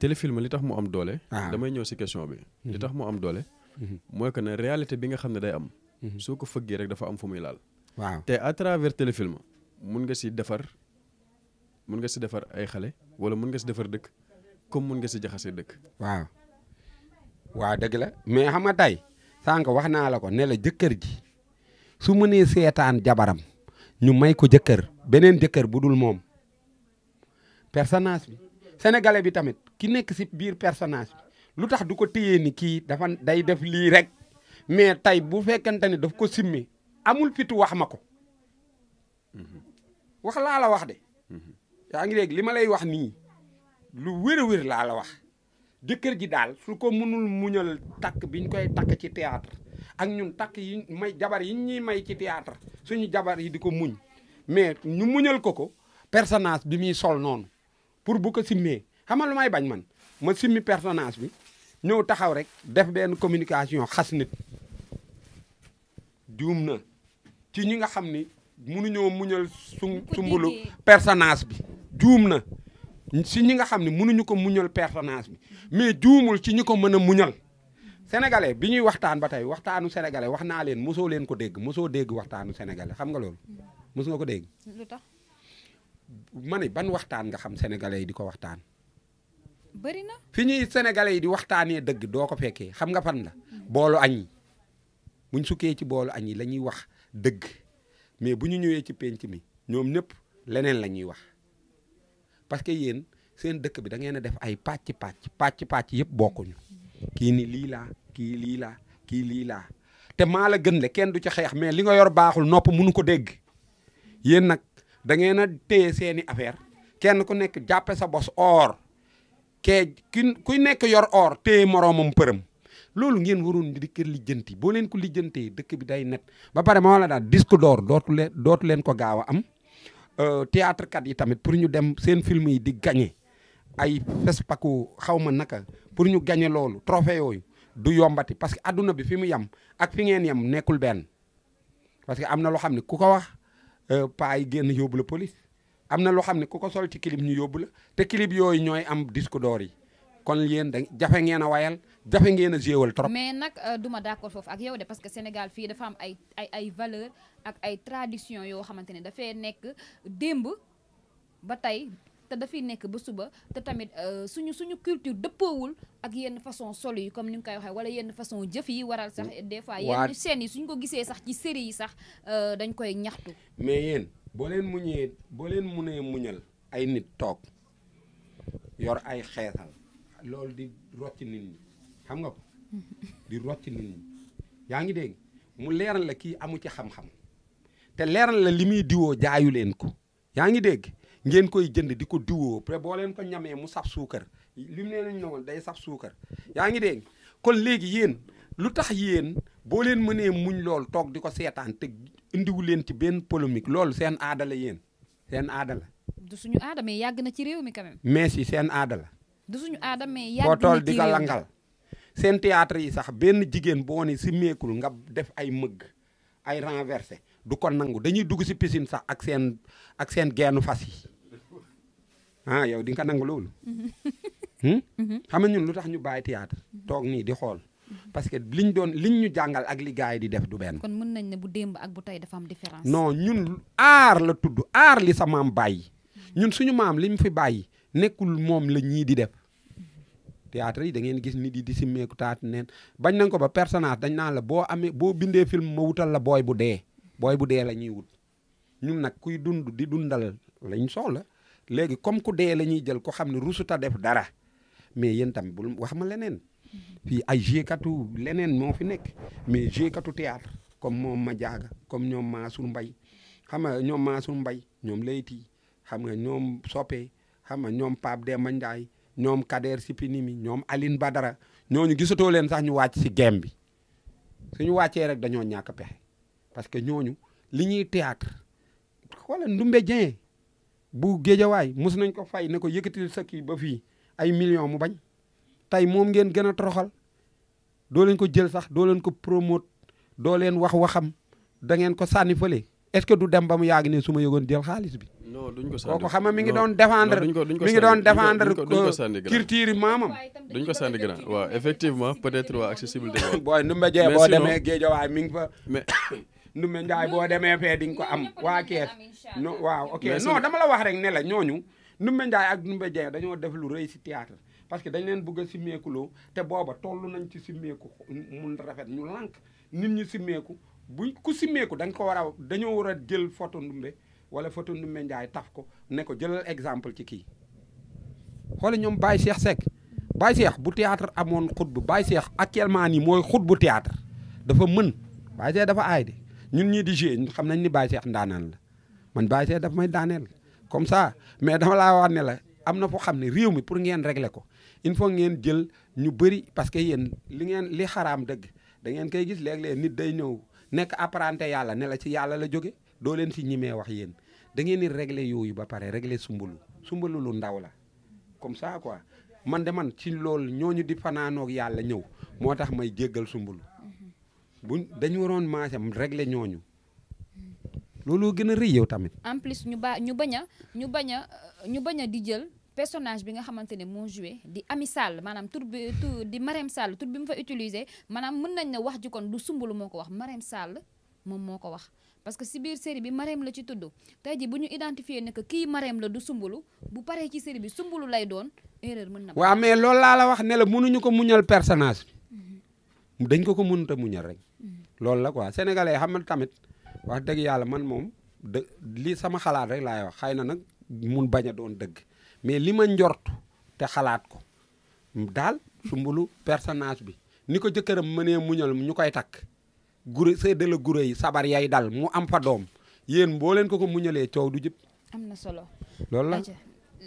téléfilm li tax mu am doole. Ah. damay ñëw si question bi. Mhm. li tax mu am doole. Mhm. mooy que ne réalité bi nga xam ne day am. Mhm. soo ko fëggee rek dafa am fu muy laal. waaw te à travers téléfilm mun nga si defar mun nga si defar ay xale wala mun nga si defar dëkk comme mun nga si jaxase dëkk. waaw waaw dëgg la mais xam nga tey. sànq wax naa la ko ne la jëkkër ji su mënee seetaan jabaram ñu may ko jëkkër beneen jëkkër bu dul moom personnage bi sénégalais bi tamit ki nekk si biir personnage bi lu tax du ko téye ni kii dafa day def lii rek mais tey bu fekkente ni daf ko simmi amul fitu wax ma ko wax laa la wax de mhm. yaa ngi dégg li ma lay wax nii lu wér-wér laa la wax jëkkër ji daal su ko mënul muñal takk biñ koy takk ci théâtre ak ñun takk yi may jabar yi ñuy may ci théâtre suñu jabar yi di ko muñ mais ñu muñal ko ko personnage bi muy sol noonu pour bu ko simmee xam may bañ man ma simmi personnage bi ñëw taxaw rek def benn communication xas nit juum na ci ñi nga xam ni mënuñoo muñal su sumbulu personnage bi juum na si ñi nga xam ne mënuñu ko muñal personnage bi mais juumul ci ñi ko mën a muñal. sénégalais bi ñuy waxtaan ba tey waxtaanu sénégalais wax naa leen mosoo leen ko dégg mosoo dégg waxtaanu sénégalais xam nga loolu. mos ko dégg. tax. ma ne ban waxtaan nga xam sénégalais yi di ko waxtaan. bëri fi ñuy sénégalais yi di waxtaanee dëgg doo ko fekkee xam nga fan la. boolu añ yi bu sukkee ci boolu añ yi la ñuy wax dëgg mais bu ñu ñëwee ci penc mi ñoom ñëpp leneen la ñuy wax parce que yéen seen dëkk bi da ngeen a def ay pàcc pàcc pàcc pàcc yëpp bokkuñu kii ni lii laa kii lii laa kii lii te maa la gën le kenn du ci xeex mais li nga yor baaxul nopp mënu ko dégg yéen nag da ngeen a seeni affaire kenn ku nekk jàppe sa bos or kee kuy nekk yor or téye moroomam përëm loolu ngeen waroon di kër lijjanti boo leen ko lijjantee dëkk bi day net ba pare moo la daal disque door dootu leen dootu leen ko gaaw a am euh, théâtre kat yi tamit pour ñu dem seen film yi di gagné ay FESPACO xaw ma naka pour ñu gagné loolu trophée yooyu du yombati parce que adduna bi fi mu yem ak fi ngeen yem nekkul benn parce que am na loo xam ne ku ko wax euh, paa yi génn yóbbu la police am na loo xam ne ku ko sol ci clip ñu yóbbu la te clip yooyu ñooy am disque d'or yi kon yéen da jafe ngeen a wayal jafe ngeen a jéewal trop. mais nag euh, duma d'accord foofu ak yow de parce que Sénégal fii dafa am ay ay ay valeur ak ay tradition yoo xamante ne dafay nekk démb tey te dafiy nekk ba suba te tamit euh, suñu suñu culture dëppoowul ak yenn façon solo yi comme ni nga koy waxee wala yenn façon jëf yi waral sax mm. des fois yenn scènes yi ko gisee sax ci série yi sax euh, dañ koy ñaxtu mais yéen boo leen muñee boo leen munee muñal ay nit toog yor ay xeesal loolu di rocc nit ñi xam nga ko di rocc nit ñi yaa ngi dégg mu leeral la kii amu ci xam-xam te leeral la li muy diwoo jaayu leen ko yaa ngi dégg ngeen koy jënd di ko diwoo après boo leen ko ñamee mu saf suukar li mu leen ne woon day saf suukar yaa ngi dégg kon léegi yéen lu tax yéen boo leen mënee muñ lool toog di ko seetaan te indiwu leen ci benn polémique loolu seen aadala yéen seen aadala la. suñu aada mais yàgg na ci réew mi quand même. mais seen aada la. du suñu aada tool di ko langal. seen théâtre yi sax benn jigéen boo ne si meekul nga def ay mëgg ay renversé du ko nangu dañuy dugg si piscine sax ak seen ak seen geenu fas yi. ah yow di nga nangu loolu. Hmm? Mm-hmm. xam nga ñun lu tax ñu bàyyi théâtre toog nii di xool. Mm-hmm. parce que liñ doon liñ ñu jàngal ak li yi di def du benn. kon mën nañ ne bu démb ak bu tey dafa am différence. non ñun aar la tudd aar li sa maam bàyyi. Mm-hmm. ñun suñu maam li mu fi bàyyi nekkul moom la ñii di def. théâtre yi da ngeen gis nit yi di simmeeku taat neen bañ nañ ko ba personnage dañ naan la boo amee boo bindee film ma wutal la booy bu dee. booy bu dee la ñuy wut ñun nag kuy dund di dundal lañ soxla. léegi comme ku dee la ñuy jël ko xam ne rusuta def dara mais yéen tamit bul wax ma leneen fii ay jéekatu leneen moo fi nekk mais jéekatu théâtre comme moom ma jaaga comme ñoom Mansour Mbaye xam nga ñoom Mansour Mbaye ñoom layti xam nga ñoom soppe xam nga ñoom Pape Demba Ndiaye ñoom Kader Sipinimi ñoom Aline Badara ñooñu gisatoo leen sax ñu wàcc si game bi suñu wàccee rek dañoo ñàkk pexe parce que ñooñu li ñuy théâtre wala Ndumbe Dieng bu géejawaay mos nañ ko fay ne ko yëkkatil sa kii ba fii ay millions mu bañ tey moom ngeen gën a troxal doo leen ko jël sax doo leen ko promote doo leen wax waxam da ngeen ko sànni fële est-ce dem ba mu yàgg ne su ma yëgoon jël xaalis bi. non duñ ko sànni kooku xam nga mi ngi doon défendre mi ngi doon défendre culture maamam. duñ ko sànni grand waaw effectivement peut-être waa accessibilité. booy nu ma jee boo demee géejawaay mi ngi fa. Ndumbe Njaay boo demee fee di nga ko am waa kees no waaw ok dama la wax rek ne la ñooñu Ndumbe Njaay ak Ndumbe Njaay dañoo def lu rëy si théâtre parce que dañ leen bëgg a simmeekuloo te booba toll nañ ci simmeeku mun rafet ñu lànk nit ñu simmeeku bu ku simmeeku dañ ko war a dañoo war a jël photo Ndumbe wala photo Ndumbe Njaay taf ko ne ko jëlal exemple ci kii xoole ñoom Baye Cheikh Seck Baye Cheikh bu théâtre amoon xut bu Baye Cheikh actuellement nii mooy xut bu dafa mën Baye dafa aay ñun ñii di joué xam nañ ni Baye Cheikh ndaanaan la man Baye Cheikh daf may daaneel comme ça mais dafa laa wax ne la am na foo xam ne réew mi pour ngeen régler ko il faut ngeen jël ñu bëri parce que yéen li ngeen li xaraam dëgg da ngeen koy gis léeg-léeg nit day ñëw nekk apparenté yàlla ne la ci yàlla la jóge doo leen si ñimee wax yéen da ngeen di régler yooyu ba pare régler sumbalu sumbalu lu ndaw la comme ça quoi man de man ci loolu ñoo ñu di fanaanoog yàlla ñëw moo tax may jéggal sumbalu bu dañu waroon maase régler ñooñu loo gën a rëy yow tamit. en plus ñu ba ñu bañ a ñu bañ a ñu bañ a di jël. personnage bi nga xamante ne moo joué di Ami Sall maanaam tur bi tur di Marème Sall tur bi mu fa utilisé maanaam mën nañ ne wax ji kon du sumbulu moo ko wax Marème Sall moom moo ko wax parce que si biir série bi Marème la ci tudd te ji bu ñu identifié ne que kii Marème la du sumbulu bu paree ci série bi sumbulu lay doon erreur mën na. waaw mais loolu laa la wax ne mënuñu ko muñal personnage mhm. dañ ko ko mënut a muñal rek. loolu la waa sénégalais xam nga tamit wax dëgg yàlla man moom dë li sama xalaat rek laay wax xay na nag mun bañ a doon dëgg mais li ma njort te xalaat ko daal mbulu personnage bi ni ko jëkkëram mënee muñal ñu koy takk gure séddale guro yi sabar yay dal mu am fa doom yéen boo leen ko ko muñalee coow du jëpp am la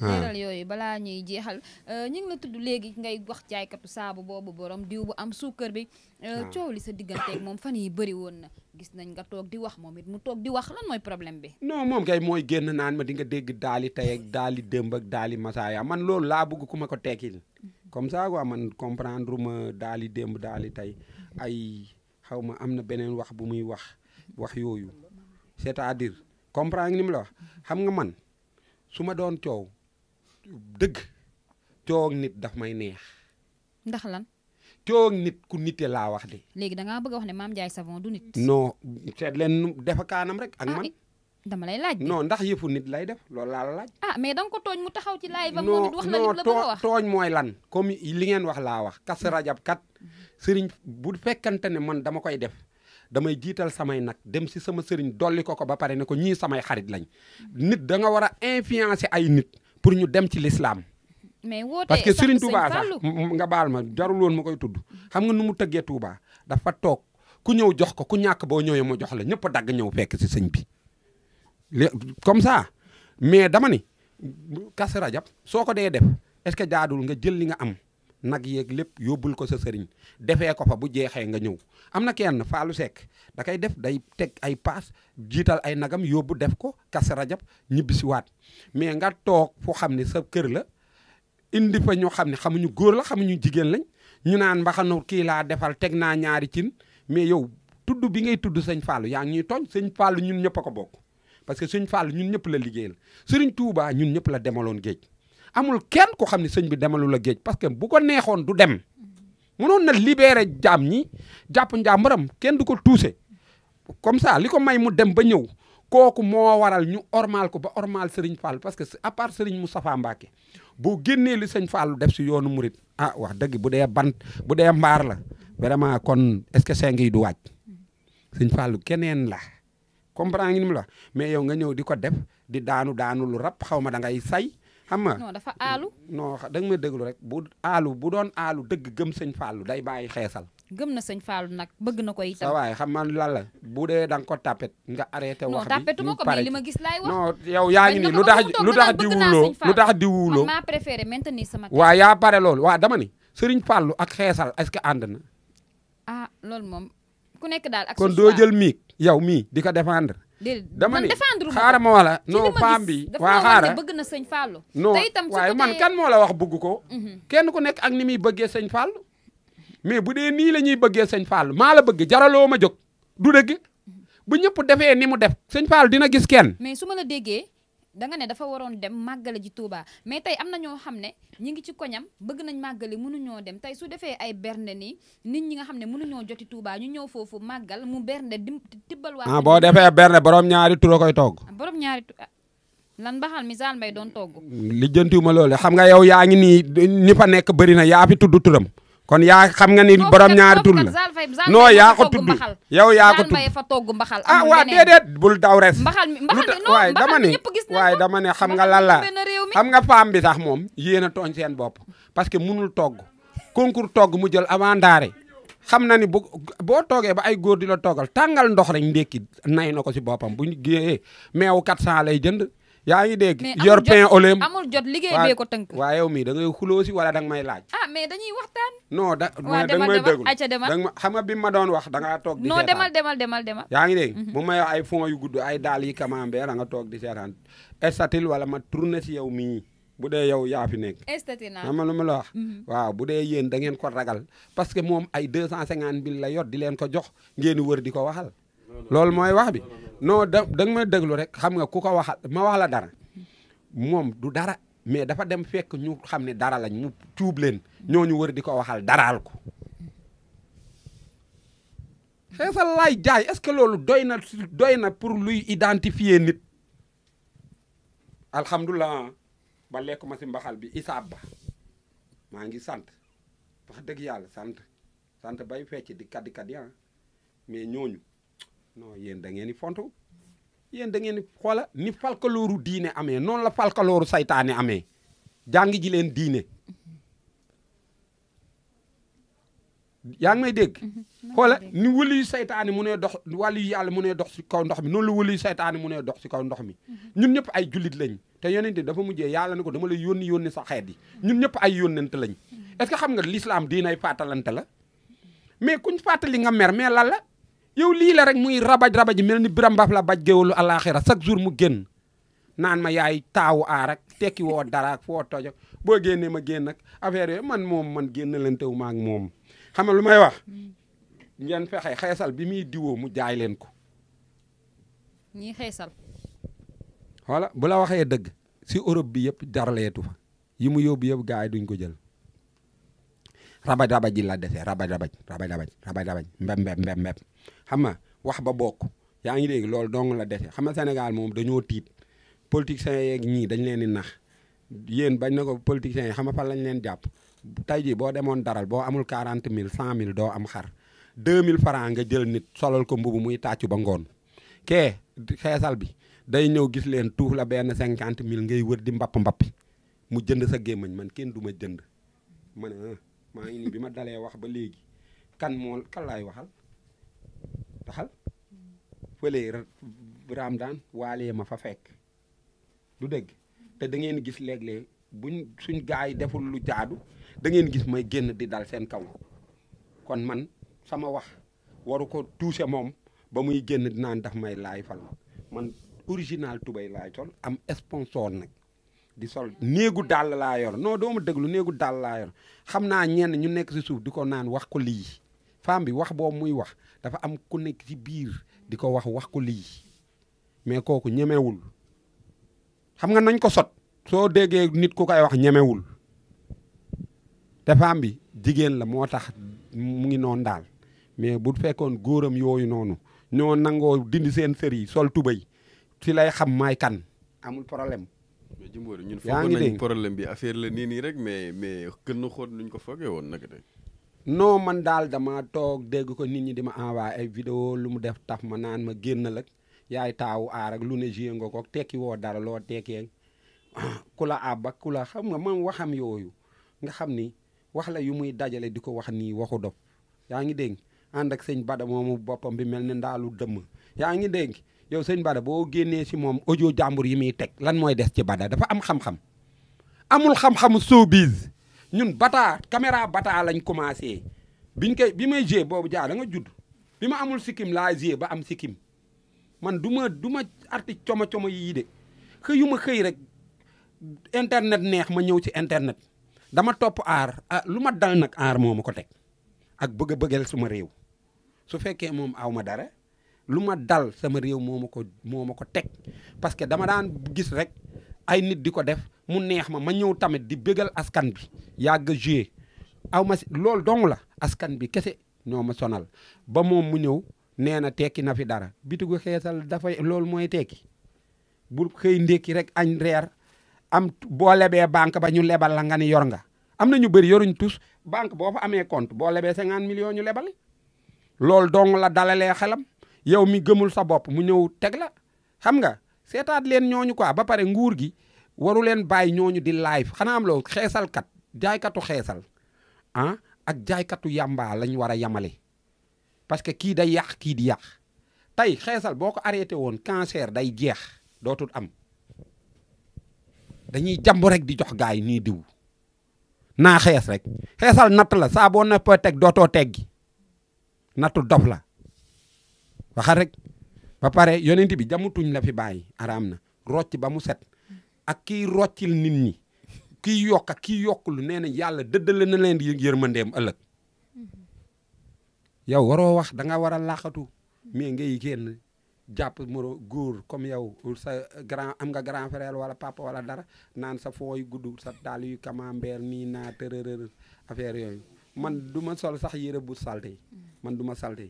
leeral yooyu balaa ñuy jeexal euh, ñu ngi la tudd léegi ngay wax jaaykatu saabu boobu borom diw bu am suukar bi euh, coow li sa digganteeg moom fan yi bëri woon na gis nañ nga toog di wax moom it mu toog di wax lan mooy problème bi non moom kay mooy génn naan ma di nga dégg daali tey ak daali démb ak daali masaaya man loolu laa bëgg ku ma ko tekkil mhm. comme ça quoi man comprendre ma daali démb daali tey ay xaw ma am na beneen wax bu muy wax wax yooyu c'est-à-dire comprendre ni la wax xam nga man su ma doon coow dëgg coog nit daf may neex. ndax lan. coog nit ku nite laa wax de. léegi da bëgg a wax ne Mame Ndiaye Savon du nit. noo seet leen defa kaanam rek. ak ah, man eh, dama lay laaj. noo ndax yëfu nit lay def loolu laa la laaj. ah mais da nga ko tooñ mu taxaw ci laay ba moom it wax mooy lan comme li ngeen wax laa wax kas mm-hmm. rajab kat sëriñ bu fekkante ne man dama koy def. damay jiital samay nag dem si sama sëriñ dolli ko ko ba pare ne ko ñii samay xarit lañ mm-hmm. nit da war a influencer ay nit pour ñu dem ci lislaam mais woote parce que Serigne Touba sax nga baal ma jarul woon ma koy tudd. xam nga nu mu tëggee Touba dafa toog ku ñëw jox ko ku ñàkk boo ñëwee mu jox la ñëpp dagg ñëw fekk si sëñ bi. comme ça mais dama ni kas rajab soo ko dee def est-ce que jaadul nga jël li nga am. nag yéeg lépp yóbbul ko sa sëriñ defee ko fa bu jeexee nga ñëw am na kenn faalu sekk da koy def day teg ay paas jiital ay nagam yóbbu def ko kas rajab ñibbisiwaat mais nga toog fu xam ne sa kër la indi fa ñoo xam ne xamuñu góor la xamuñu jigéen lañ ñu naan mbaxana kii laa defal teg naa ñaari cin mais yow tudd bi ngay tudd sañ Fallou yaa ngi ñuy tooñ sëñ Fallou ñun ñëpp ko bokk parce que sëñ Fallou ñun ñëpp la liggéeyal sëriñ Touba ñun ñëpp la demaloon géej amul kenn ku xam ne sëñ bi demalu la géej parce que bu ko neexoon du dem mënoon na libeere jam ñi jàpp njàmbaram kenn du ko tuuse comme ça li ko may mu dem ba ñëw kooku moo waral ñu ormal ko ba ormal Serigne Fall parce que à part Serigne Moustapha Mbacké boo génnee li sëñ Fall def si yoonu murit ah wax dëgg bu dee bant bu dee mbaar la vraiment kon est-ce que seng yi du waaj sëñ Fall keneen la comprendre ngi mu la mais yow nga ñëw di ko def di daanu daanu lu xaw ma da ngay say xam nga dafa aalu. non da ma déglu rek bu aalu bu doon aalu dëgg gëm sëñ Fallou day bàyyi xeesal. gëm na sëñ Fallou nag bëgg na koy itam. sa waay xam la bu dee da nga ko tapet nga arrêté wax bi. non tapetu ko mais li ma gis laay wax. non yow yaa ngi ni lu tax lu tax di wuuloo lu tax di wuuloo. maa préféré maintenir sama. waaw yaa pare loolu waaw dama ni Serigne Fallou ak xeesal est-ce que ànd na. ah loolu moom ku nekk daal ak. kon doo jël miig yow mii di ko défendre. dama ni xaaral ma wala non paam bi waa xaaral bëgg na sëñ Fallou noo waaye man kan moo la wax bëgg ko mhm. kenn ku nekk ak ni muy bëggee sëñ Fallou mais bu dee nii la ñuy bëggee sëñ Fallou maa la bëgg jaraloo ma jóg du dëgg bu ñëpp defee ni mu def sëñ Fallou dina gis kenn mais su ma la déggee da nga ne dafa waroon dem màggale ji Touba mais tey am na ñoo xam ne ñi ngi ci koñam bëgg nañ màggali mënuñoo dem tey su defee ay bernde nii nit ñi nga xam ne mënuñoo joti Touba ñu ñëw foofu màggal mu bernde di tibbal waa ah boo defee bernde borom ñaari tur a koy togg borom ñaari tur ah, lan baxal misaal mbay doon togg lijjantiwuma loolu xam nga yow yaa ngi nii ñi fa nekk bëri na yaa fi tudd turam kon yaa xam nga ni borom ñaari tur la non yaa ko tudd yow yaa ko tudd ah waa déedéet bul daw res waaye dama ne waaye dama ne xam nga lan la xam nga femme bi moom yéen a tooñ seen bopp parce que mënul togg concours togg mu jël avant ndaare xam na ni bu boo toogee ba ay góor di la toogal tàngal ndox rek ndékki nay na ko si boppam bu ñu géeyee meewu 400 lay jënd yaa ngi dégg yor pain au lait amul jot liggéey bee ko tënk waa yow mii da ngay xuloo si wala da may laaj ah mais dañuy waxtaan non da da nga may déglu da nga xam nga bi ma doon wax da toog di demal demal demal yaa ngi dégg mhm. bu may wax ay fond yu gudd ay daal yi camembert da nga toog di seetaan estatil wala ma tourné si yow mii bu dee yow yaa fi nekk estatil na xam lu ma la wax mhm. waaw bu dee yéen da ngeen ko ragal parce que moom ay deux cent cinquante mille la yor di leen ko jox ngeen wër di ko waxal loolu mooy wax bi non da da nga ma déglu rek xam nga ku ko wax ma wax la dara moom du dara mais dafa dem fekk ñu xam ne dara lañ mu tuub leen ñooñu wër di ko waxal daraal ko xeesal eh, laay jaay est-ce que loolu doy na doy na pour luy identifier nit alhamdulilah ba lekku ma si mbaxal bi isaab ba maa ngi sant wax dëgg yàlla sant sant bay fecc di kaddi kaddi ah mais ñooñu non yéen da ngeen di fontu yéen da ngeen di xoola ni falkalooru diine amee noonu la falkalooru saytaane amee jàng ji leen diine yaa ngi may dégg mhm. Mhm. xoola ni wëliyu saytaane mu ne dox wàllu yu yàlla mu nee dox si kaw ndox mi noon la wëliyu saytaane mu nee dox si kaw ndox mi mhm. ñun ñëpp ay jullit lañ te yonente dafa mujjee yàlla ne ko dama la yónni yónni sa xeet yi ñun ñëpp ay yónnante lañ est-ce que xam nga l'islam diinay fàttalante la mais kuñ fàttali nga mer mais lan la yow lii la rek muy rabaj rabaj mel ni biram baf la baj géwalu alaxira chaque jour mu génn naan ma yaay taawu aar ak tekki woo dara foo tojog boo génnee ma génn ak affaire yooyu man moom man génn leen tew ma moom xam nga lu may wax ngeen fexe xeesal bi muy diwoo mu jaay leen ko ñii xeesal voilà bu la waxee dëgg si Europe bi yëpp daraleetu fa yi mu yóbbu yëpp gars yi duñ ko jël rabaj rabaj yi la desee rabaj rabaj rabaj rabaj rabaj rabaj mbeb mbeb mbeb xam nga wax ba bokk yaa ngi dégg loolu dong la dese xam nga Sénégal moom dañoo tiit politiciens yeeg ñii dañ leen di nax yéen bañ na ko politiciens yi xam nga fan lañ leen jàpp tey boo demoon daral boo amul quarante mille cent mille doo am xar deux mille francs nga jël nit solal ko mbubu muy tàccu ba ngoon kee xeesal bi day ñëw gis leen tuux la benn cinquante mille ngay wër di mbapp mbappi mu jënd sa gémmañ man kenn du ma jënd ma ne ah, maa ngi bi ma dalee wax ba léegi kan moo kan laay waxal taxal fële Ramadaan waalee ma fa fekk du dëgg te dangeen gis léeg buñ suñ gaa yi deful lu jaadu da ngeen gis may génn di dal seen kaw kon man sama wax waru ko touché moom ba muy génn di naan daf may laay fal man original tubéy laay sol am sponsor nag di sol néegu dàll laa yor non doo ma déglu néegu dàll laa yor xam naa ñenn ñu nekk si suuf di ko naan wax ko lii femme bi wax boobu muy wax dafa am ku nekk ci biir di ko wax wax ko lii mais kooku ñemewul xam nga nañ ko sot soo déggee nit ku koy wax ñemewul te femme bi jigéen la moo tax mu ngi noonu daal mais bu fekkoon góoram yooyu noonu ñoo nangoo dindi seen sër yi sol tubay ci lay xam maay kan amul problème. mais Jimbori ñun foog nañ bi affaire la nii nii rek mais mais gën na xóot ko foogee woon nag de. non man daal dama toog dégg ko nit ñi di ma envoyé ay vidéo lu mu def taf ma naan ma génn lak yaay taawu aar ak lu ne jiyee nga ko tekki woo dara loo tekkee ku la àbb ak ku la xam nga moom waxam yooyu nga xam ni wax la yu muy dajale di ko wax nii waxu dof yaa ngi dégg ànd ak sëñ Bada moomu boppam bi mel ne ndaalu dëmm yaa ngi dégg yow sëñ Bada boo génnee si moom audio jàmbur yi muy teg lan mooy des ci Bada dafa am xam-xam amul xam-xamu showbiz ñun bataa caméra bataa lañ commencé biñ koy bi may jé boobu jaar danga juddu bi ma amul sikkim laa jé ba am sikkim man du ma du ma arti como como yii de xëyu ma xëy rek internet neex ma ñëw ci internet dama topp aar ah lu ma dal nag aar moo ma ko teg ak bëgg bëggal suma réew su fekkee moom aw ma dara lu ma dal sama réew moo ma ko moo ma ko teg parce que dama daan gis rek ay nit di ko def mu neex ma ma ñëw tamit di bëggal askan bi yàgg joué aw ma si loolu dong la askan bi kese ñoo ma sonal ba moom mu ñëw nee na tekki na fi dara bitigu xeesal dafay lool mooy tekki bu xëy ndékki rek añ reer am boo lebee banque ba ñu lebal la nga ni yor nga am na ñu bër yoruñ tous banque boo fa amee compte boo lebee cinquante millions ñu lebal loolu dong la dalalee xelam yow mi gëmul sa bopp mu ñëw teg la xam nga seetaat leen ñooñu quoi ba pare nguur gi waru leen bàyyi ñooñu di live xanaa am loo xeesalkat jaaykatu xeesal ah ak jaaykatu yàmbaa lañ war a yamale parce que kii day yàq kii di yàq tey xeesal boo ko arrêté woon cancer day jeex dootul am dañuy jambu rek di jox gaay nii diw naa xees rek xeesal natt la saa boo teg dootoo teggi nattu dof la waxal rek ba pare yonent bi jamutuñ la fi bàyyi araam na rocc ba mu set ak kii roccil nit ñi kii yokk kii kiy yokkul nee na yàlla dëddale na leen yërmandeem ëllëg yow waroo wax danga nga war a laaxatu mais ngay génn jàpp moro góor comme yow sa grand am nga grand wala papa wala dara naan sa fooy gudd sa daal yu camembert nii naa affaire yooyu man duma sol sax yére bu salte man duma ma salte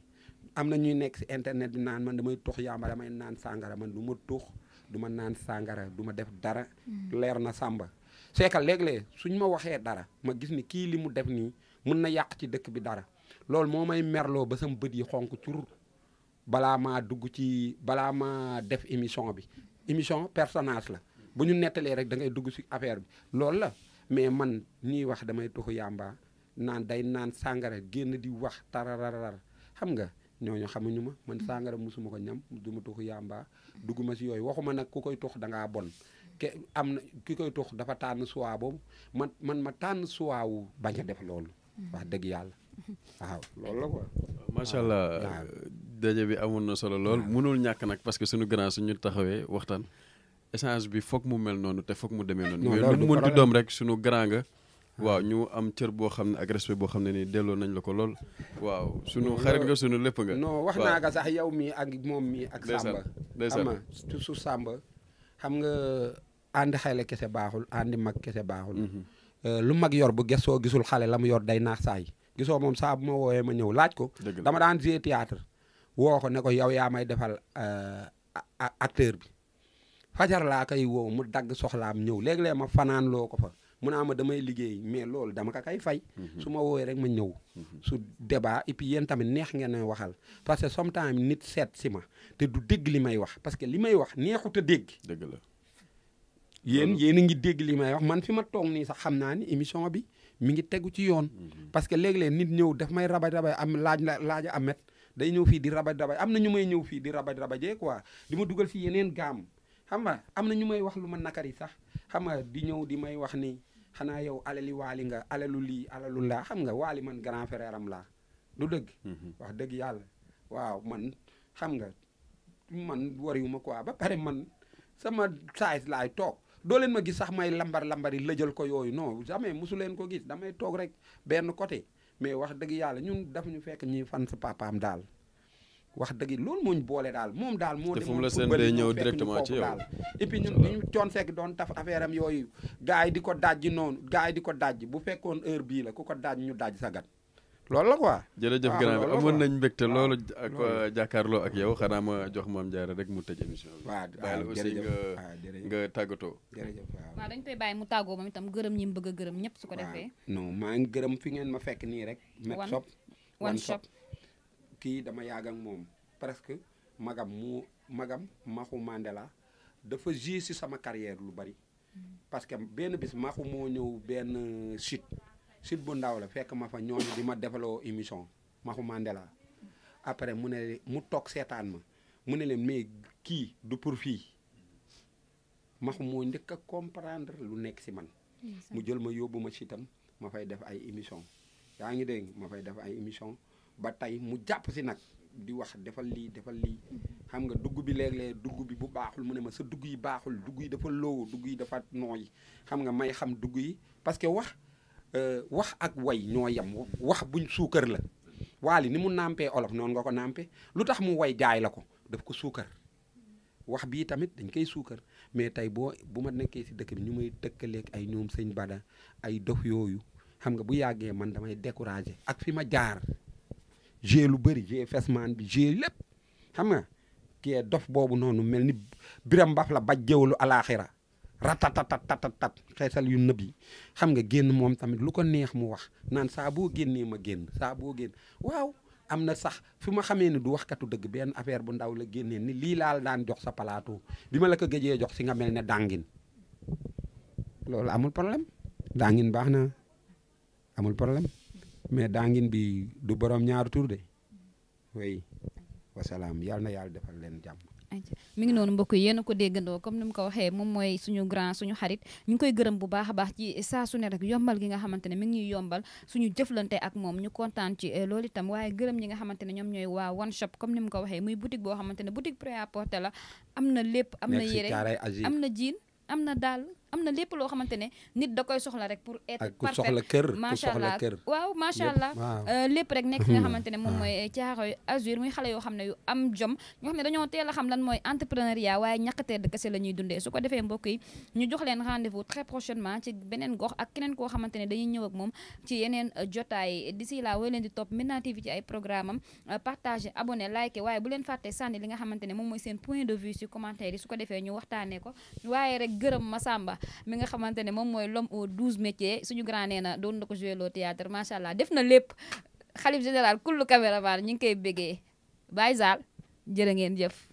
am na ñuy nekk si internet bi naan man damay tux yamba damay naan sàngara man du ma tux du ma naan sàngara du ma def dara. Mm. leer na sàmba c'est que léeg-léeg suñ ma waxee dara ma gis ni kii li mu def nii mun na yàq ci dëkk bi dara loolu moo may merloo ba sama bët yi xonk cur balaa maa dugg ci balaa maa def émission bi émission personnage la bu ñu nettalee rek da ngay dugg ci affaire bi loolu la mais man ñuy wax damay tuxu yàmba naan day naan sàngara génn di wax tarararar xam nga ñooñu xamuñu ma man mm. sàngara musuma ko ñam du tuxu yàmba dugguma si yooyu waxuma nag ku koy tux dangaa bon ke am na ki koy tux dafa tànn suwaa boobu man man ma tànn suwaawu bañ a def loolu wax dëgg yàlla waaw loolu la quoi macha allah euh, daje bi amoon na solo lool mënul ñàkk nag parce que suñu grand suñu taxawee waxtaan échange bi foog mu mel noonu te foog mu demee noonu mais lu mu mënti doom rek suñu grand nga waaw ñu am cër boo xam ne ak respect boo xam ne nii delloo nañ la ko lool. waaw sunu xarit nga sunu lépp nga. non wax naa ko sax yow mii ak moom mii ak. Samba xam nga toujours Samba. xam nga àndi xale kese baaxul àndi mag kese baaxul. Mhm. Euh, lu mag yor bu gesoo gisul xale la mu yor day naax saay gisoo moom saa bu ma woowee ma ñëw laaj ko. dama daan jouer théâtre woo ko ne ko yow yaa may defal euh, acteur bi fajar laa koy woo mu dagg soxlaam ñëw léeg-léeg ma fanaan loo ko fa. mu naa ah, ma damay liggéey mais loolu dama ko kay fay. Mhm. su ma woowee rek ma ñëw. Mhm. su débat et puis yéen tamit neex ngeen a waxal parce que sometimes nit seet si ma te du dégg li may wax parce que li may wax neexut a dégg. dëgg la yéen yéen a ngi dégg li may wax man fi ma toog nii sax xam naa ni émission bi mi ngi tegu ci yoon. Mhm. parce que léeg nit ñëw daf may rabaj rabaj am laaj la laaj amet day ñëw fii di rabaj rabaj am na ñu may ñëw fii di rabaj rabajee quoi di ma dugal fii yeneen gaam. xam nga am na ñu may wax lu ma nakari sax xam nga di ñëw di may wax ni xanaa yow alali waali nga alalu lii alalu laa xam nga waali man grand frère am laa du dëgg. Mhm. wax dëgg yàlla waaw man xam nga man wariwuma quoi ba pare man sama size laay toog. doo leen ma gis sax may lambar lambari yi lëjal ko yooyu non jamais mosu leen ko gis damay toog rek benn côté mais wax dëgg yàlla ñun daf ñu fekk ñuy fan sa papaam daal. wax dëgg loolu moo boole daal moom daal moo. te fu mu la seen day ñëw directement ci yow et puis ñun sekk doon taf affaire am yooyu gars yi di ko dajji noonu gars di ko dajji bu fekkoon heure bii la ko ko daj ñu daj sa gat loolu la quoi. jërëjëf grand bi amoon nañ mbégte loolu ak euh, ak yow xanaa ma jox maam Diarra rek mu tëj émission bi. waaw waaw jërëjëf nga nga tàggatoo. jërëjëf waaw waaw dañ koy bàyyi mu tàggoo moom tam gërëm ñi mu bëgg a gërëm ñëpp su ko defee. non maa ngi gërëm fi ngeen ma fekk nii rek. one one shop kii dama yàgg ak moom presque magam mu magam Maxu Mandela dafa ji si sama carrière lu bari parce que benn bis Maxu moo ñëw benn euh, site site bu ndaw la fekk ma fa ñooñu di ma defaloo émission Maxu Mandela après mu ne mu toog seetaan ma mu ne leen mais kii du pour fii Maxu moo njëkk ak comprendre lu nekk si man mu jël ma yóbbu ma sitam ma fay def ay émission yaa ngi dégg ma fay def ay émission ba tey mu jàpp si nag di wax defal lii defal lii xam nga dugg bi léeg-léeg dugg bi bu baaxul mu ne ma sa dugg yi baaxul dugg yi dafa loowu dugg yi dafa nooy xam nga may xam dugg yi parce que wax euh, wax ak way ñoo yem wax buñ suukar la waali ni mu nàmpee olof noonu nga ko nàmpe lu tax mu way jaay la ko daf ko suukar wax bii tamit dañ koy suukar mais tey boo bu ma nekkee si dëkk bi ñu may tëkkaleeg ay ñoom sëñ bada ay dof yooyu xam nga bu yàggee man damay découragé ak fi ma jaar joué lu bëri joué fesman bi joué lépp xam nga kii dof boobu noonu mel ni biram mbaf la baj jëwalu alaaxira ratatatatat xeesal yu nëb yi xam nga génn moom tamit lu ko neex mu wax naan saa boo génnee ma génn saa boo génn waaw am na sax fi ma xamee ne du waxkatu dëgg benn affaire bu ndaw la génnee ni lii laal daan jox sa plateau bi ma la ko géjee jox si nga mel ne dàngin loolu amul problème dàngin baax na amul problème mais daangin bi du borom ñaar tur de oui wasalaam yal na yàlla defal leen jàmm. mu ngi noonu mbokk yi ko déggandoo comme ni mu ko waxee moom mooy suñu grand suñu xarit ñu ngi koy gërëm bu baax a baax ci saa su ne yombal gi nga xamante ne mi ngi ñuy yombal suñu jëflante ak moom ñu kontaan ci eh, loolu itam waaye gërëm ñi nga xamante ne ñoom ñooy waa one comme ni mu ko waxee muy boutique boo xamante ne boutique prêt à porter la am na lépp am na yére am na jiin am na daal am na lépp loo xamante ne nit da koy soxla rek pour être parfait macha allah waaw macha allah euh, lépp rek nekk fi nga hmm. xamante ne moom ah. mooy Caaroy Azur muy xale yoo xam ne am jom ñoo xam dañoo teel a xam lan mooy entrepreneuriat waaye ñàkkatee de la ñuy dundee su ko defee mbokk yi ñu jox leen rendez-vous très ci beneen gox ak keneen koo xamante ne dañuy ñëw ak moom yeneen euh, jotaay d'ici là wooy leen di topp Médina ci ay programme am euh, partager abonné liker waaye bu leen fàtte sànni li nga xamante ne moom mooy seen point de vue ci commentaire yi su ko defee ñu waxtaanee ko waaye rek gërëm Masamba allah mi nga xamante ne moom mooy l'homme aux douze métiers suñu grand na doon na ko joué loo théâtre macha allah def na lépp xalif général kullu caméraman ñu ngi koy bégee Baye Zal jërë ngeen jëf